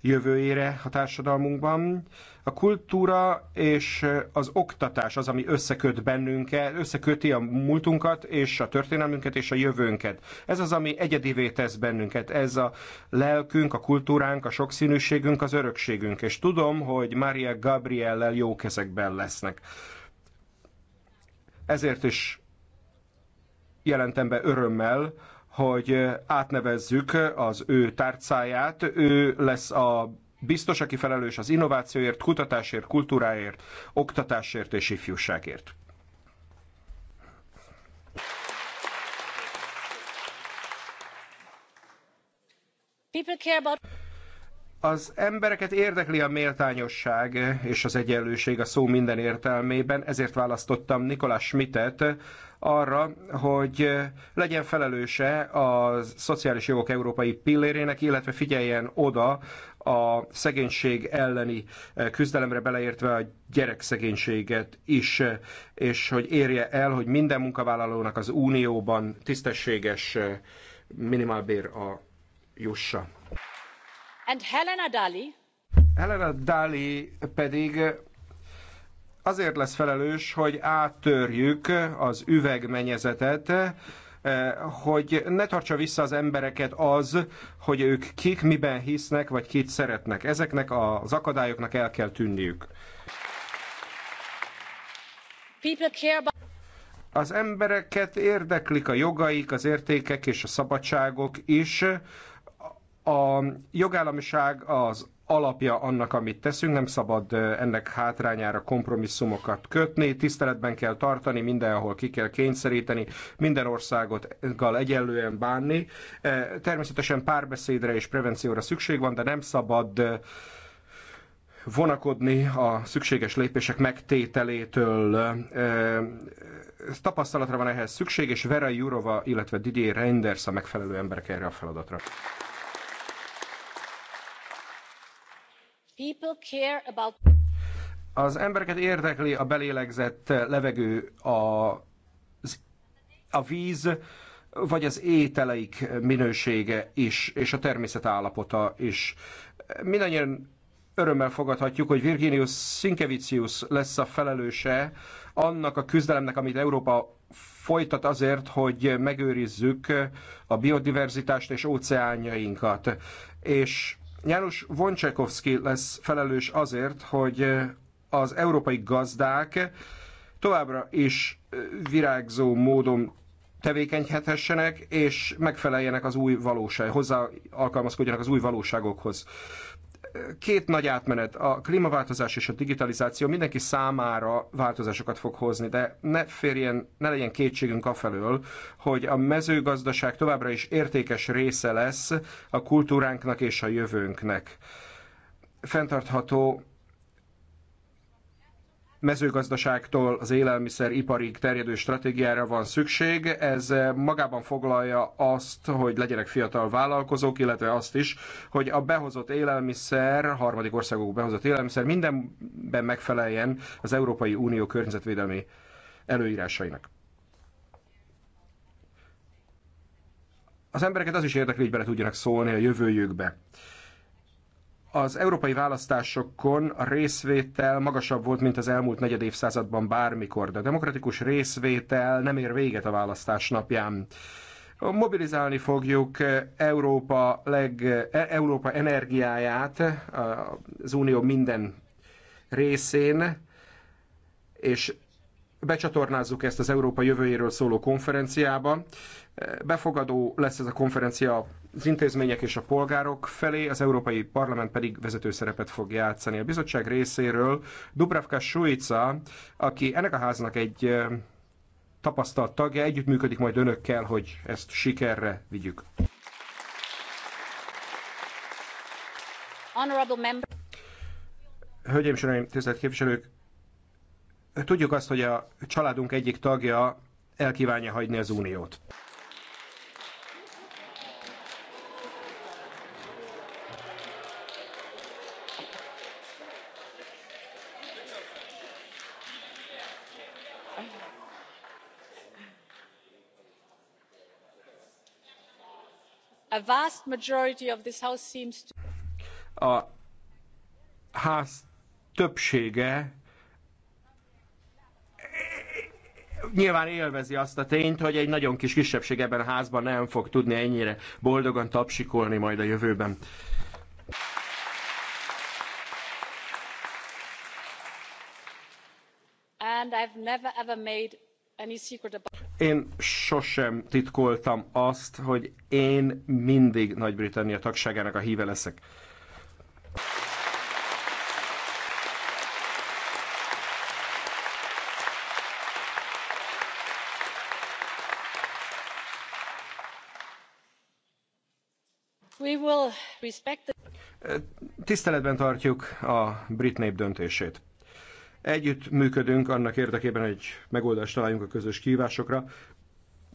jövőjére a társadalmunkban. A kultúra és eh, az oktatás az, ami összeköt bennünket, összeköti a múltunkat és a történelmünket és a jövőnket. Ez az, ami egyedivé tesz bennünket. Ez a lelkünk, a kultúránk, a sokszínűségünk, az örökségünk. És tudom, hogy Maria Gabriellel jó kezekben lesznek. Ezért is jelentem be örömmel, hogy eh, átnevezzük az ő tárcáját. Ő lesz a biztos, aki felelős az innovációért, kutatásért, kultúráért, oktatásért és ifjúságért. Az embereket érdekli a méltányosság és az egyenlőség a szó minden értelmében, ezért választottam Nikolás Schmidtet arra, hogy legyen felelőse a szociális jogok európai pillérének, illetve figyeljen oda a szegénység elleni eh, küzdelemre beleértve a gyerekszegénységet is, eh, és hogy érje el, hogy minden munkavállalónak az Unióban tisztességes eh, minimálbér a jussa. And Helena Dali. Helena Dali pedig azért lesz felelős, hogy áttörjük az üvegmenyezetet, hogy ne tartsa vissza az embereket az, hogy ők kik, miben hisznek, vagy kit szeretnek. Ezeknek az akadályoknak el kell tűnniük. Az embereket érdeklik a jogaik, az értékek és a szabadságok is. A jogállamiság, az alapja annak, amit teszünk, nem szabad ennek hátrányára kompromisszumokat kötni, tiszteletben kell tartani, mindenhol ki kell kényszeríteni, minden országot egyenlően bánni. Természetesen párbeszédre és prevencióra szükség van, de nem szabad vonakodni a szükséges lépések megtételétől. Tapasztalatra van ehhez szükség, és Vera Jurova, illetve Didier Reinders a megfelelő emberek erre a feladatra. Az embereket érdekli a belélegzett levegő, a, a víz, vagy az ételeik minősége is, és a természet állapota is. Mindannyian örömmel fogadhatjuk, hogy Virginius Sinkevicius lesz a felelőse annak a küzdelemnek, amit Európa folytat azért, hogy megőrizzük a biodiverzitást és óceánjainkat. És János Voncsekovszki lesz felelős azért, hogy eh, az európai gazdák továbbra is eh, virágzó módon tevékenykedhessenek, és megfeleljenek az új valóság, hozzá alkalmazkodjanak az új valóságokhoz két nagy átmenet, a klímaváltozás és a digitalizáció mindenki számára változásokat fog hozni, de ne férjen, ne legyen kétségünk afelől, hogy a mezőgazdaság továbbra is értékes része lesz a kultúránknak és a jövőnknek. Fentartható mezőgazdaságtól az élelmiszeriparig terjedő stratégiára van szükség. Ez eh, magában foglalja azt, hogy legyenek fiatal vállalkozók, illetve azt is, hogy a behozott élelmiszer, harmadik országok behozott élelmiszer mindenben megfeleljen az Európai Unió környezetvédelmi előírásainak. Az embereket az is érdekli, hogy bele tudjanak szólni a jövőjükbe az európai választásokon a részvétel magasabb volt, mint az elmúlt negyed évszázadban bármikor, de a demokratikus részvétel nem ér véget a választás napján. Mobilizálni fogjuk Európa, leg, e, Európa energiáját az Unió minden részén, és becsatornázzuk ezt az Európa jövőjéről szóló konferenciába. Befogadó lesz ez a konferencia az intézmények és a polgárok felé, az Európai Parlament pedig vezető szerepet fog játszani. A bizottság részéről Dubravka Suica, aki ennek a háznak egy tapasztalt tagja, együttműködik majd önökkel, hogy ezt sikerre vigyük. Hölgyeim és Uraim, tisztelt képviselők! Tudjuk azt, hogy a családunk egyik tagja elkívánja hagyni az uniót. a vast majority of this house seems to a ház többsége nyilván élvezi azt a tényt, hogy egy nagyon kis kisebbség ebben a házban nem fog tudni ennyire boldogan tapsikolni majd a jövőben. And I've never ever made any secret about... Én sosem titkoltam azt, hogy én mindig Nagy-Britannia tagságának a híve leszek. Tiszteletben tartjuk a brit nép döntését. Együtt működünk annak érdekében, hogy megoldást találjunk a közös kívásokra,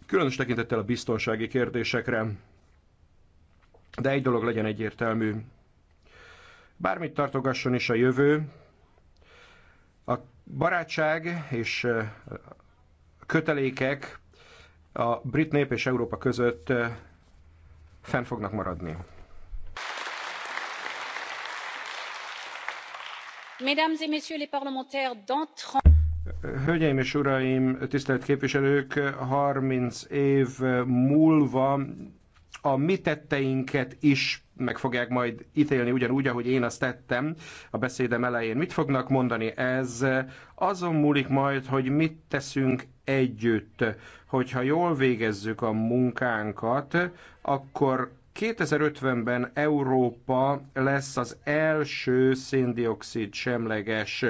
különös tekintettel a biztonsági kérdésekre. De egy dolog legyen egyértelmű. Bármit tartogasson is a jövő, a barátság és kötelékek a brit nép és Európa között fenn fognak maradni. Hölgyeim és uraim, tisztelt képviselők, 30 év múlva a mi tetteinket is meg fogják majd ítélni ugyanúgy, ahogy én azt tettem a beszédem elején. Mit fognak mondani? Ez azon múlik majd, hogy mit teszünk együtt. Hogyha jól végezzük a munkánkat, akkor 2050-ben Európa lesz az első széndiokszid semleges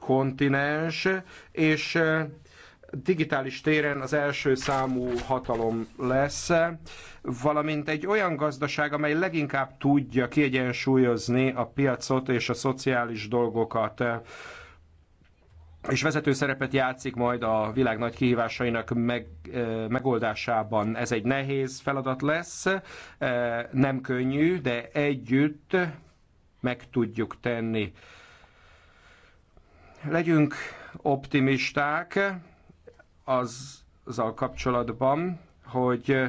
kontinens, és eh, digitális téren az első számú hatalom lesz, valamint egy olyan gazdaság, amely leginkább tudja kiegyensúlyozni a piacot és a szociális dolgokat és vezető szerepet játszik majd a világ nagy kihívásainak meg, megoldásában. Ez egy nehéz feladat lesz, nem könnyű, de együtt meg tudjuk tenni. Legyünk optimisták az, azzal kapcsolatban, hogy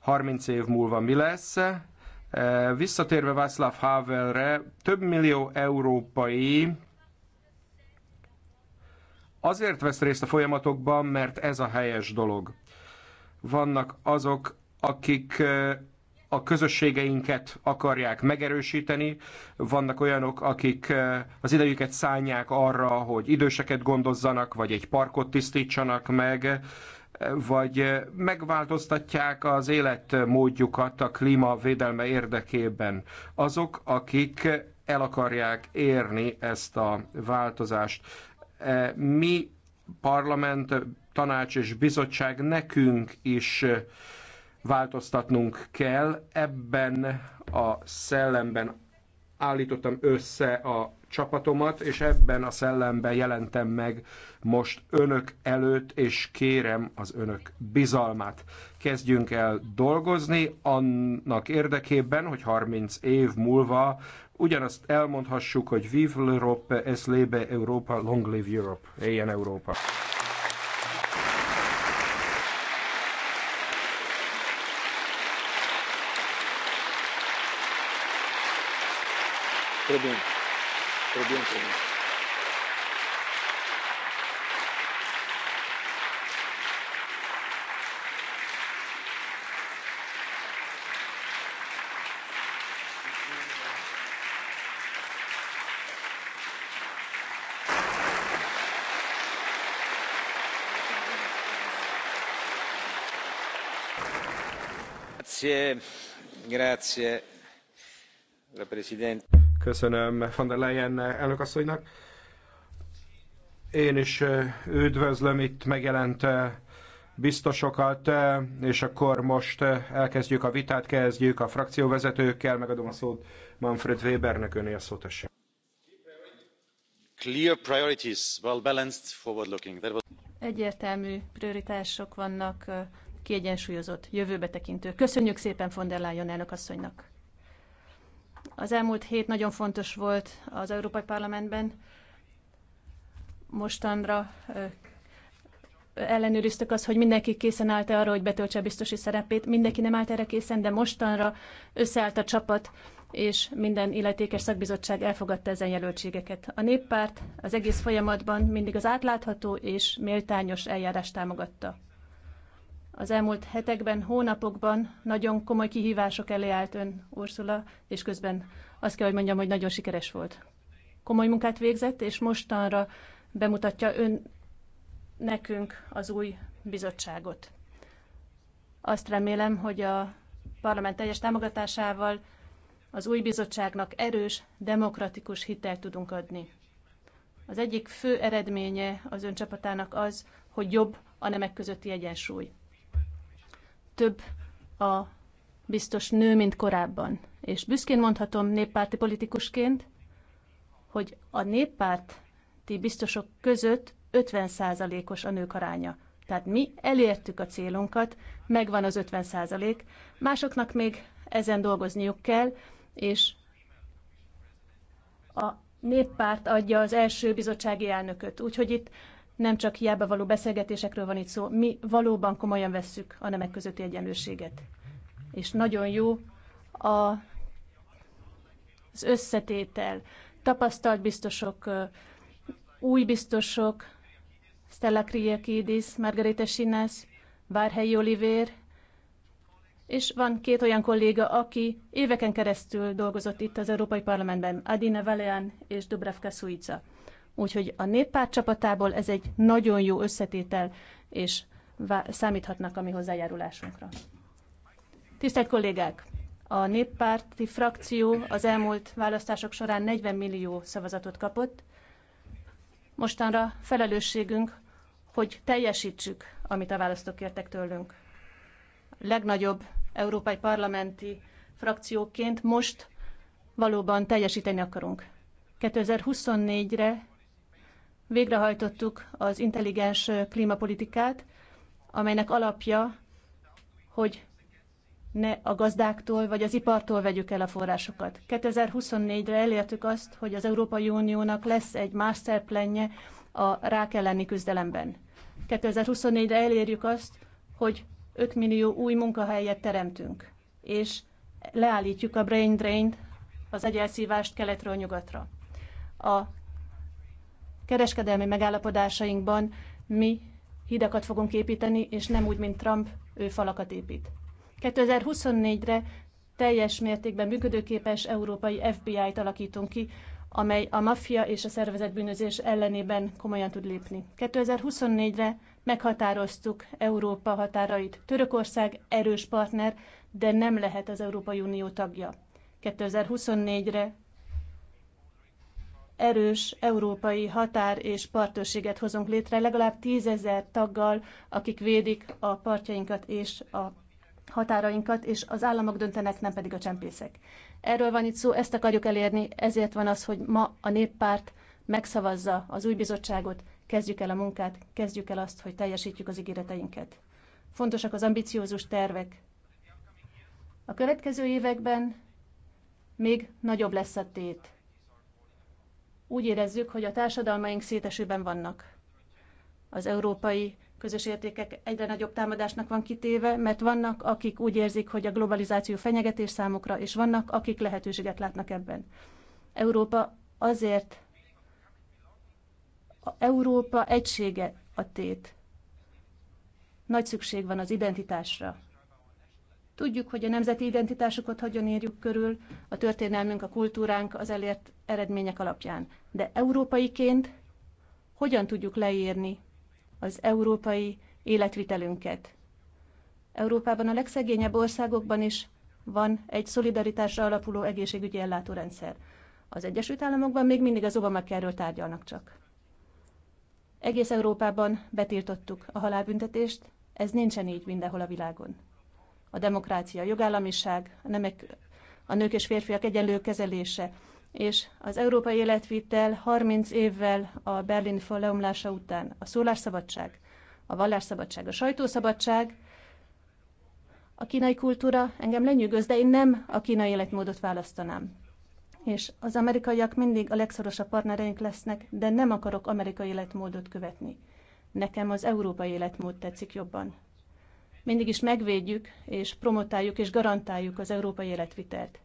30 év múlva mi lesz. Visszatérve Václav Havelre, több millió európai Azért vesz részt a folyamatokban, mert ez a helyes dolog. Vannak azok, akik a közösségeinket akarják megerősíteni, vannak olyanok, akik az idejüket szánják arra, hogy időseket gondozzanak, vagy egy parkot tisztítsanak meg, vagy megváltoztatják az életmódjukat a klímavédelme érdekében. Azok, akik el akarják érni ezt a változást. E, mi parlament, tanács és bizottság nekünk is változtatnunk kell. Ebben a szellemben állítottam össze a csapatomat, és ebben a szellemben jelentem meg most önök előtt, és kérem az önök bizalmát. Kezdjünk el dolgozni annak érdekében, hogy 30 év múlva ugyanazt elmondhassuk, hogy Vive l'Europe, es lebe Europa, long live Europe, éljen Európa. Köszönöm nuestro bien común. grazie signora presidente onorevoli colleghi Köszönöm von der Leyen elnökasszonynak. Én is üdvözlöm itt megjelent biztosokat, és akkor most elkezdjük a vitát, kezdjük a frakcióvezetőkkel, megadom a szót Manfred Webernek, öné a szót esem. Clear priorities, well balanced, forward looking. Was... Egyértelmű prioritások vannak, kiegyensúlyozott, jövőbe tekintő. Köszönjük szépen von der Leyen elnök asszonynak. Az elmúlt hét nagyon fontos volt az Európai Parlamentben. Mostanra ellenőriztük azt, hogy mindenki készen állt-e arra, hogy betöltse a biztosi szerepét. Mindenki nem állt erre készen, de mostanra összeállt a csapat, és minden illetékes szakbizottság elfogadta ezen jelöltségeket. A néppárt az egész folyamatban mindig az átlátható és méltányos eljárást támogatta. Az elmúlt hetekben, hónapokban nagyon komoly kihívások elé állt ön, Ursula, és közben azt kell, hogy mondjam, hogy nagyon sikeres volt. Komoly munkát végzett, és mostanra bemutatja ön nekünk az új bizottságot. Azt remélem, hogy a parlament teljes támogatásával az új bizottságnak erős, demokratikus hitelt tudunk adni. Az egyik fő eredménye az ön csapatának az, hogy jobb a nemek közötti egyensúly több a biztos nő, mint korábban. És büszkén mondhatom néppárti politikusként, hogy a néppárti biztosok között 50%-os a nők aránya. Tehát mi elértük a célunkat, megvan az 50%, másoknak még ezen dolgozniuk kell, és a néppárt adja az első bizottsági elnököt. Úgyhogy itt nem csak hiába való beszélgetésekről van itt szó, mi valóban komolyan vesszük a nemek közötti egyenlőséget. És nagyon jó a, az összetétel, tapasztalt biztosok, új biztosok, Stella Kriakidis, Margarita Sinász, Várhelyi Olivér, és van két olyan kolléga, aki éveken keresztül dolgozott itt az Európai Parlamentben, Adina Valean és Dubravka Suica. Úgyhogy a néppárt csapatából ez egy nagyon jó összetétel, és számíthatnak a mi hozzájárulásunkra. Tisztelt kollégák! A néppárti frakció az elmúlt választások során 40 millió szavazatot kapott. Mostanra felelősségünk, hogy teljesítsük, amit a választók kértek tőlünk. A legnagyobb európai parlamenti frakcióként most valóban teljesíteni akarunk. 2024-re végrehajtottuk az intelligens klímapolitikát, amelynek alapja, hogy ne a gazdáktól vagy az ipartól vegyük el a forrásokat. 2024-re elértük azt, hogy az Európai Uniónak lesz egy masterplanje a rák elleni küzdelemben. 2024-re elérjük azt, hogy 5 millió új munkahelyet teremtünk, és leállítjuk a brain drain-t, az egyelszívást keletről nyugatra. A kereskedelmi megállapodásainkban mi hidakat fogunk építeni, és nem úgy, mint Trump, ő falakat épít. 2024-re teljes mértékben működőképes európai FBI-t alakítunk ki, amely a maffia és a szervezetbűnözés ellenében komolyan tud lépni. 2024-re meghatároztuk Európa határait. Törökország erős partner, de nem lehet az Európai Unió tagja. 2024-re erős európai határ és partőrséget hozunk létre, legalább tízezer taggal, akik védik a partjainkat és a határainkat, és az államok döntenek, nem pedig a csempészek. Erről van itt szó, ezt akarjuk elérni, ezért van az, hogy ma a néppárt megszavazza az új bizottságot, kezdjük el a munkát, kezdjük el azt, hogy teljesítjük az ígéreteinket. Fontosak az ambiciózus tervek. A következő években még nagyobb lesz a tét úgy érezzük, hogy a társadalmaink szétesőben vannak. Az európai közös értékek egyre nagyobb támadásnak van kitéve, mert vannak, akik úgy érzik, hogy a globalizáció fenyegetés számukra, és vannak, akik lehetőséget látnak ebben. Európa azért, a Európa egysége a tét. Nagy szükség van az identitásra, Tudjuk, hogy a nemzeti identitásukat hogyan érjük körül, a történelmünk, a kultúránk az elért eredmények alapján. De európaiként hogyan tudjuk leírni az európai életvitelünket? Európában a legszegényebb országokban is van egy szolidaritásra alapuló egészségügyi ellátórendszer. Az Egyesült Államokban még mindig az Obamacare-ről tárgyalnak csak. Egész Európában betiltottuk a halálbüntetést, ez nincsen így mindenhol a világon a demokrácia, a jogállamiság, a, nemek, a nők és férfiak egyenlő kezelése, és az európai életvitel 30 évvel a berlini fal leomlása után a szólásszabadság, a vallásszabadság, a sajtószabadság, a kínai kultúra engem lenyűgöz, de én nem a kínai életmódot választanám. És az amerikaiak mindig a legszorosabb partnereink lesznek, de nem akarok amerikai életmódot követni. Nekem az európai életmód tetszik jobban mindig is megvédjük és promotáljuk és garantáljuk az európai életvitelt.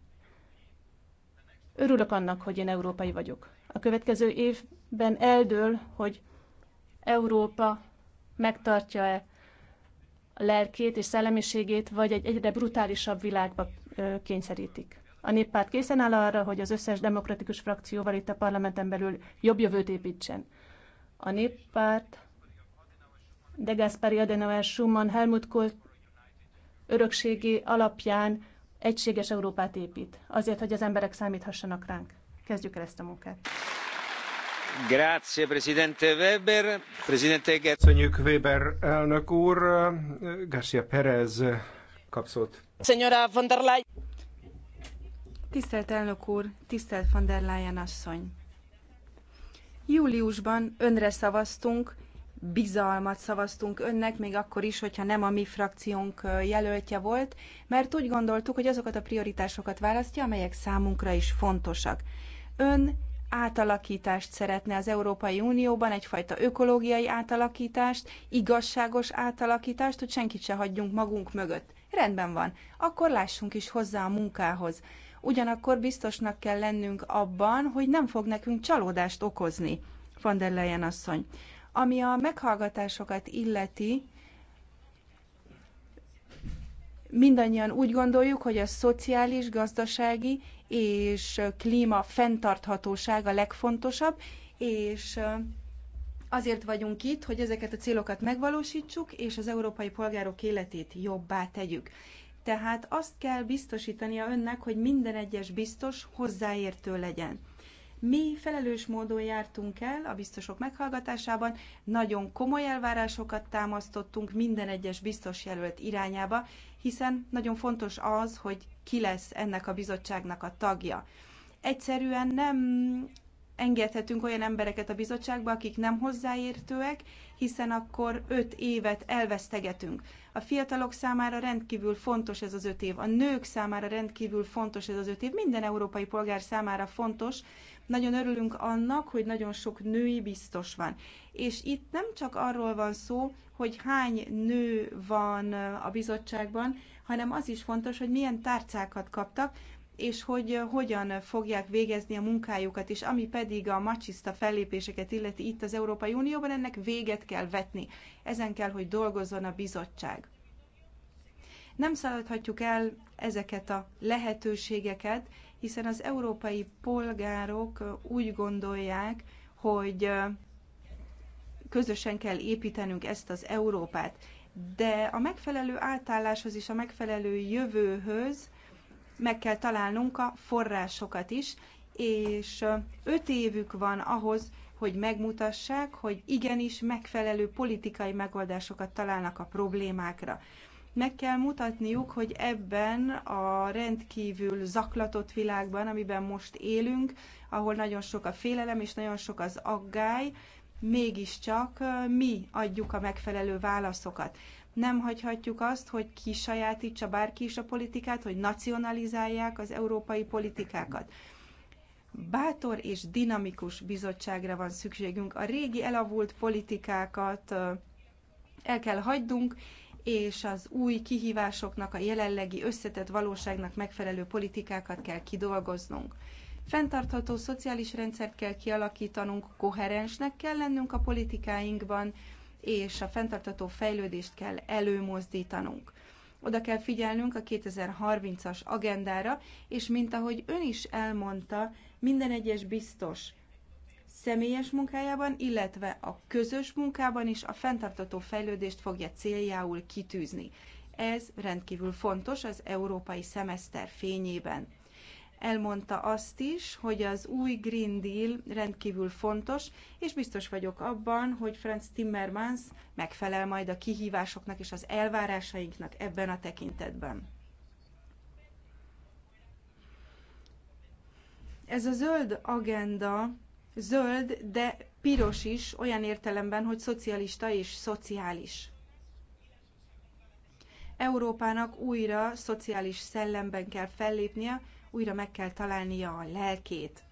Örülök annak, hogy én európai vagyok. A következő évben eldől, hogy Európa megtartja-e a lelkét és szellemiségét, vagy egy egyre brutálisabb világba kényszerítik. A néppárt készen áll arra, hogy az összes demokratikus frakcióval itt a parlamenten belül jobb jövőt építsen. A néppárt de Gaspari Adenauer Schumann Helmut Kohl örökségi alapján egységes Európát épít, azért, hogy az emberek számíthassanak ránk. Kezdjük el ezt a munkát. Grazie, Presidente Weber. Presidente Köszönjük Weber elnök úr. Garcia Perez kapszott. Señora von der Leyen. Tisztelt elnök úr, tisztelt von der Leyen asszony. Júliusban önre szavaztunk, bizalmat szavaztunk önnek, még akkor is, hogyha nem a mi frakciónk jelöltje volt, mert úgy gondoltuk, hogy azokat a prioritásokat választja, amelyek számunkra is fontosak. Ön átalakítást szeretne az Európai Unióban, egyfajta ökológiai átalakítást, igazságos átalakítást, hogy senkit se hagyjunk magunk mögött. Rendben van, akkor lássunk is hozzá a munkához. Ugyanakkor biztosnak kell lennünk abban, hogy nem fog nekünk csalódást okozni, van der Leyen asszony. Ami a meghallgatásokat illeti, mindannyian úgy gondoljuk, hogy a szociális, gazdasági és klíma fenntarthatóság a legfontosabb, és azért vagyunk itt, hogy ezeket a célokat megvalósítsuk, és az európai polgárok életét jobbá tegyük. Tehát azt kell biztosítania önnek, hogy minden egyes biztos hozzáértő legyen. Mi felelős módon jártunk el a biztosok meghallgatásában, nagyon komoly elvárásokat támasztottunk minden egyes biztos jelölt irányába, hiszen nagyon fontos az, hogy ki lesz ennek a bizottságnak a tagja. Egyszerűen nem engedhetünk olyan embereket a bizottságba, akik nem hozzáértőek, hiszen akkor öt évet elvesztegetünk. A fiatalok számára rendkívül fontos ez az öt év, a nők számára rendkívül fontos ez az öt év, minden európai polgár számára fontos, nagyon örülünk annak, hogy nagyon sok női biztos van. És itt nem csak arról van szó, hogy hány nő van a bizottságban, hanem az is fontos, hogy milyen tárcákat kaptak, és hogy hogyan fogják végezni a munkájukat, és ami pedig a macsiszta fellépéseket illeti itt az Európai Unióban, ennek véget kell vetni. Ezen kell, hogy dolgozzon a bizottság. Nem szaladhatjuk el ezeket a lehetőségeket, hiszen az európai polgárok úgy gondolják, hogy közösen kell építenünk ezt az Európát. De a megfelelő átálláshoz és a megfelelő jövőhöz meg kell találnunk a forrásokat is, és öt évük van ahhoz, hogy megmutassák, hogy igenis megfelelő politikai megoldásokat találnak a problémákra. Meg kell mutatniuk, hogy ebben a rendkívül zaklatott világban, amiben most élünk, ahol nagyon sok a félelem és nagyon sok az aggály, mégiscsak mi adjuk a megfelelő válaszokat. Nem hagyhatjuk azt, hogy kisajátítsa bárki is a politikát, hogy nacionalizálják az európai politikákat. Bátor és dinamikus bizottságra van szükségünk. A régi elavult politikákat el kell hagynunk, és az új kihívásoknak, a jelenlegi összetett valóságnak megfelelő politikákat kell kidolgoznunk. Fenntartható szociális rendszert kell kialakítanunk, koherensnek kell lennünk a politikáinkban, és a fenntartató fejlődést kell előmozdítanunk. Oda kell figyelnünk a 2030-as agendára, és mint ahogy ön is elmondta, minden egyes biztos, személyes munkájában, illetve a közös munkában is a fenntartató fejlődést fogja céljául kitűzni. Ez rendkívül fontos az európai szemeszter fényében. Elmondta azt is, hogy az új Green Deal rendkívül fontos, és biztos vagyok abban, hogy Franz Timmermans megfelel majd a kihívásoknak és az elvárásainknak ebben a tekintetben. Ez a zöld agenda zöld, de piros is, olyan értelemben, hogy szocialista és szociális. Európának újra szociális szellemben kell fellépnie, újra meg kell találnia a lelkét.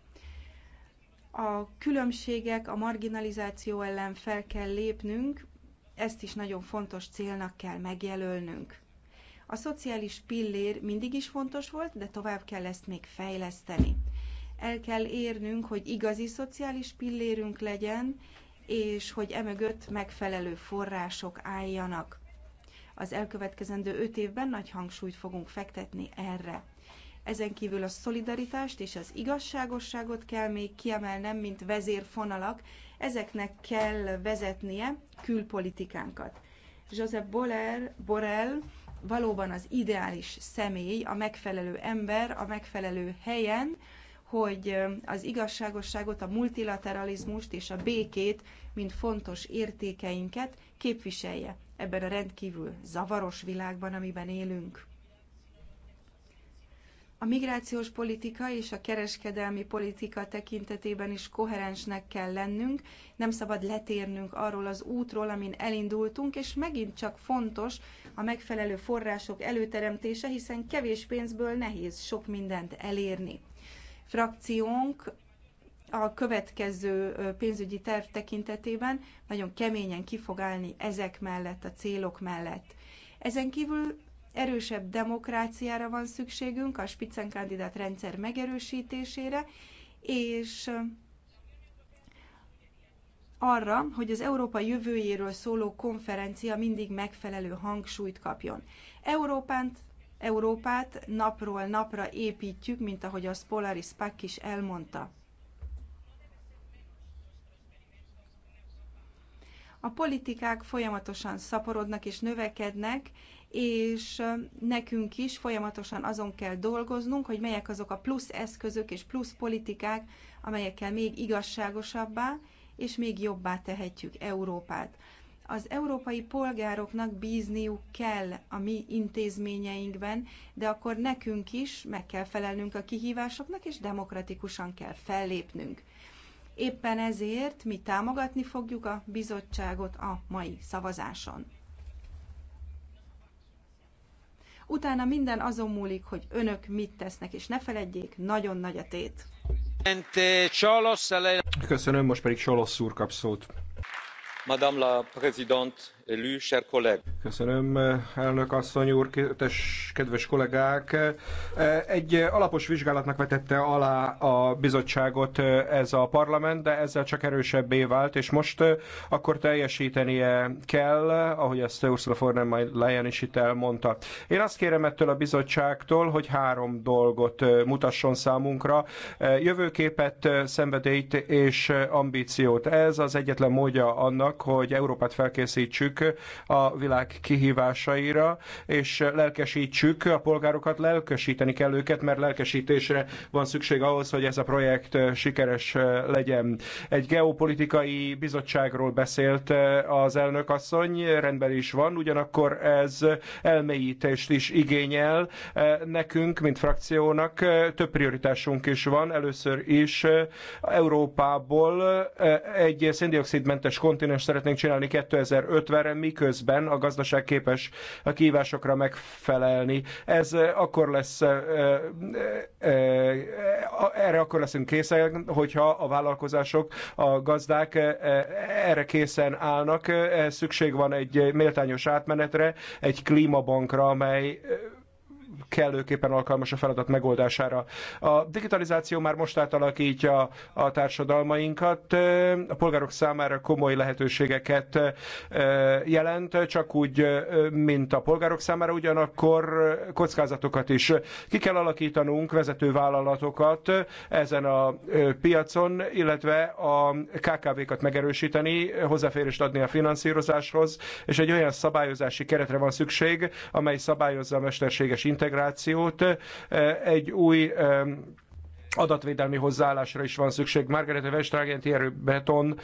A különbségek, a marginalizáció ellen fel kell lépnünk, ezt is nagyon fontos célnak kell megjelölnünk. A szociális pillér mindig is fontos volt, de tovább kell ezt még fejleszteni. El kell érnünk, hogy igazi szociális pillérünk legyen, és hogy emögött megfelelő források álljanak. Az elkövetkezendő öt évben nagy hangsúlyt fogunk fektetni erre. Ezen kívül a szolidaritást és az igazságosságot kell még kiemelnem, mint vezérfonalak. Ezeknek kell vezetnie külpolitikánkat. Josep Borrell, Borrell valóban az ideális személy, a megfelelő ember, a megfelelő helyen, hogy az igazságosságot, a multilateralizmust és a békét, mint fontos értékeinket képviselje ebben a rendkívül zavaros világban, amiben élünk. A migrációs politika és a kereskedelmi politika tekintetében is koherensnek kell lennünk, nem szabad letérnünk arról az útról, amin elindultunk, és megint csak fontos a megfelelő források előteremtése, hiszen kevés pénzből nehéz sok mindent elérni. Frakciónk a következő pénzügyi terv tekintetében nagyon keményen ki fog állni ezek mellett, a célok mellett. Ezen kívül erősebb demokráciára van szükségünk, a spitzenkandidát rendszer megerősítésére, és arra, hogy az Európa jövőjéről szóló konferencia mindig megfelelő hangsúlyt kapjon. Európánt Európát napról napra építjük, mint ahogy az Polaris Pack is elmondta. A politikák folyamatosan szaporodnak és növekednek, és nekünk is folyamatosan azon kell dolgoznunk, hogy melyek azok a plusz eszközök és plusz politikák, amelyekkel még igazságosabbá és még jobbá tehetjük Európát. Az európai polgároknak bízniuk kell a mi intézményeinkben, de akkor nekünk is meg kell felelnünk a kihívásoknak, és demokratikusan kell fellépnünk. Éppen ezért mi támogatni fogjuk a bizottságot a mai szavazáson. Utána minden azon múlik, hogy önök mit tesznek, és ne feledjék, nagyon nagy a tét. Köszönöm, most pedig Csolosz úr kap szót madame la présidente Köszönöm, elnök asszony úr, kedves kollégák. Egy alapos vizsgálatnak vetette alá a bizottságot ez a parlament, de ezzel csak erősebbé vált, és most akkor teljesítenie kell, ahogy ezt Ursula von der Leyen is itt elmondta. Én azt kérem ettől a bizottságtól, hogy három dolgot mutasson számunkra. Jövőképet, szenvedélyt és ambíciót. Ez az egyetlen módja annak, hogy Európát felkészítsük a világ kihívásaira, és lelkesítsük a polgárokat, lelkesíteni kell őket, mert lelkesítésre van szükség ahhoz, hogy ez a projekt sikeres legyen. Egy geopolitikai bizottságról beszélt az elnök asszony, rendben is van, ugyanakkor ez elmélyítést is igényel. Nekünk, mint frakciónak több prioritásunk is van. Először is Európából egy széndiokszidmentes kontinens szeretnénk csinálni 2050-re, erre miközben a gazdaság képes a kívásokra megfelelni. Ez eh, akkor lesz, eh, eh, erre akkor leszünk készen, hogyha a vállalkozások, a gazdák erre készen állnak. Szükség van egy méltányos átmenetre, egy klímabankra, amely kellőképpen alkalmas a feladat megoldására. A digitalizáció már most átalakítja a társadalmainkat, a polgárok számára komoly lehetőségeket jelent, csak úgy, mint a polgárok számára, ugyanakkor kockázatokat is. Ki kell alakítanunk vezető vállalatokat ezen a piacon, illetve a KKV-kat megerősíteni, hozzáférést adni a finanszírozáshoz, és egy olyan szabályozási keretre van szükség, amely szabályozza a mesterséges integrációt, integrációt, egy új adatvédelmi hozzáállásra is van szükség. Margaret Westragent, Jerry Beton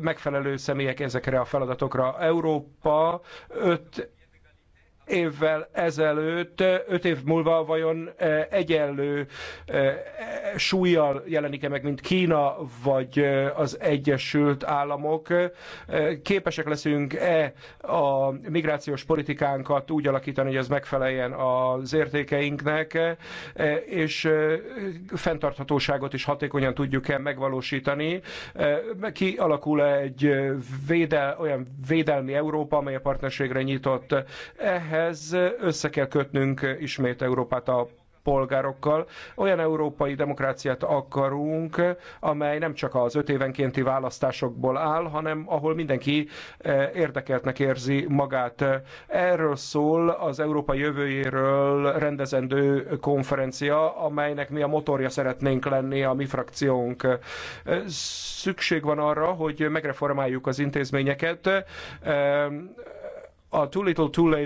megfelelő személyek ezekre a feladatokra. Európa öt évvel ezelőtt, öt év múlva vajon e, egyenlő e, súlyjal jelenik-e meg, mint Kína vagy e, az Egyesült Államok? Képesek leszünk-e a migrációs politikánkat úgy alakítani, hogy ez megfeleljen az értékeinknek, és fenntarthatóságot is hatékonyan tudjuk-e megvalósítani? Kialakul -e egy védel, olyan védelmi Európa, amely a partnerségre nyitott ehhez ehhez össze kell kötnünk ismét Európát a polgárokkal. Olyan európai demokráciát akarunk, amely nem csak az öt évenkénti választásokból áll, hanem ahol mindenki eh, érdekeltnek érzi magát. Erről szól az Európa jövőjéről rendezendő konferencia, amelynek mi a motorja szeretnénk lenni, a mi frakciónk. Szükség van arra, hogy megreformáljuk az intézményeket, a too little too late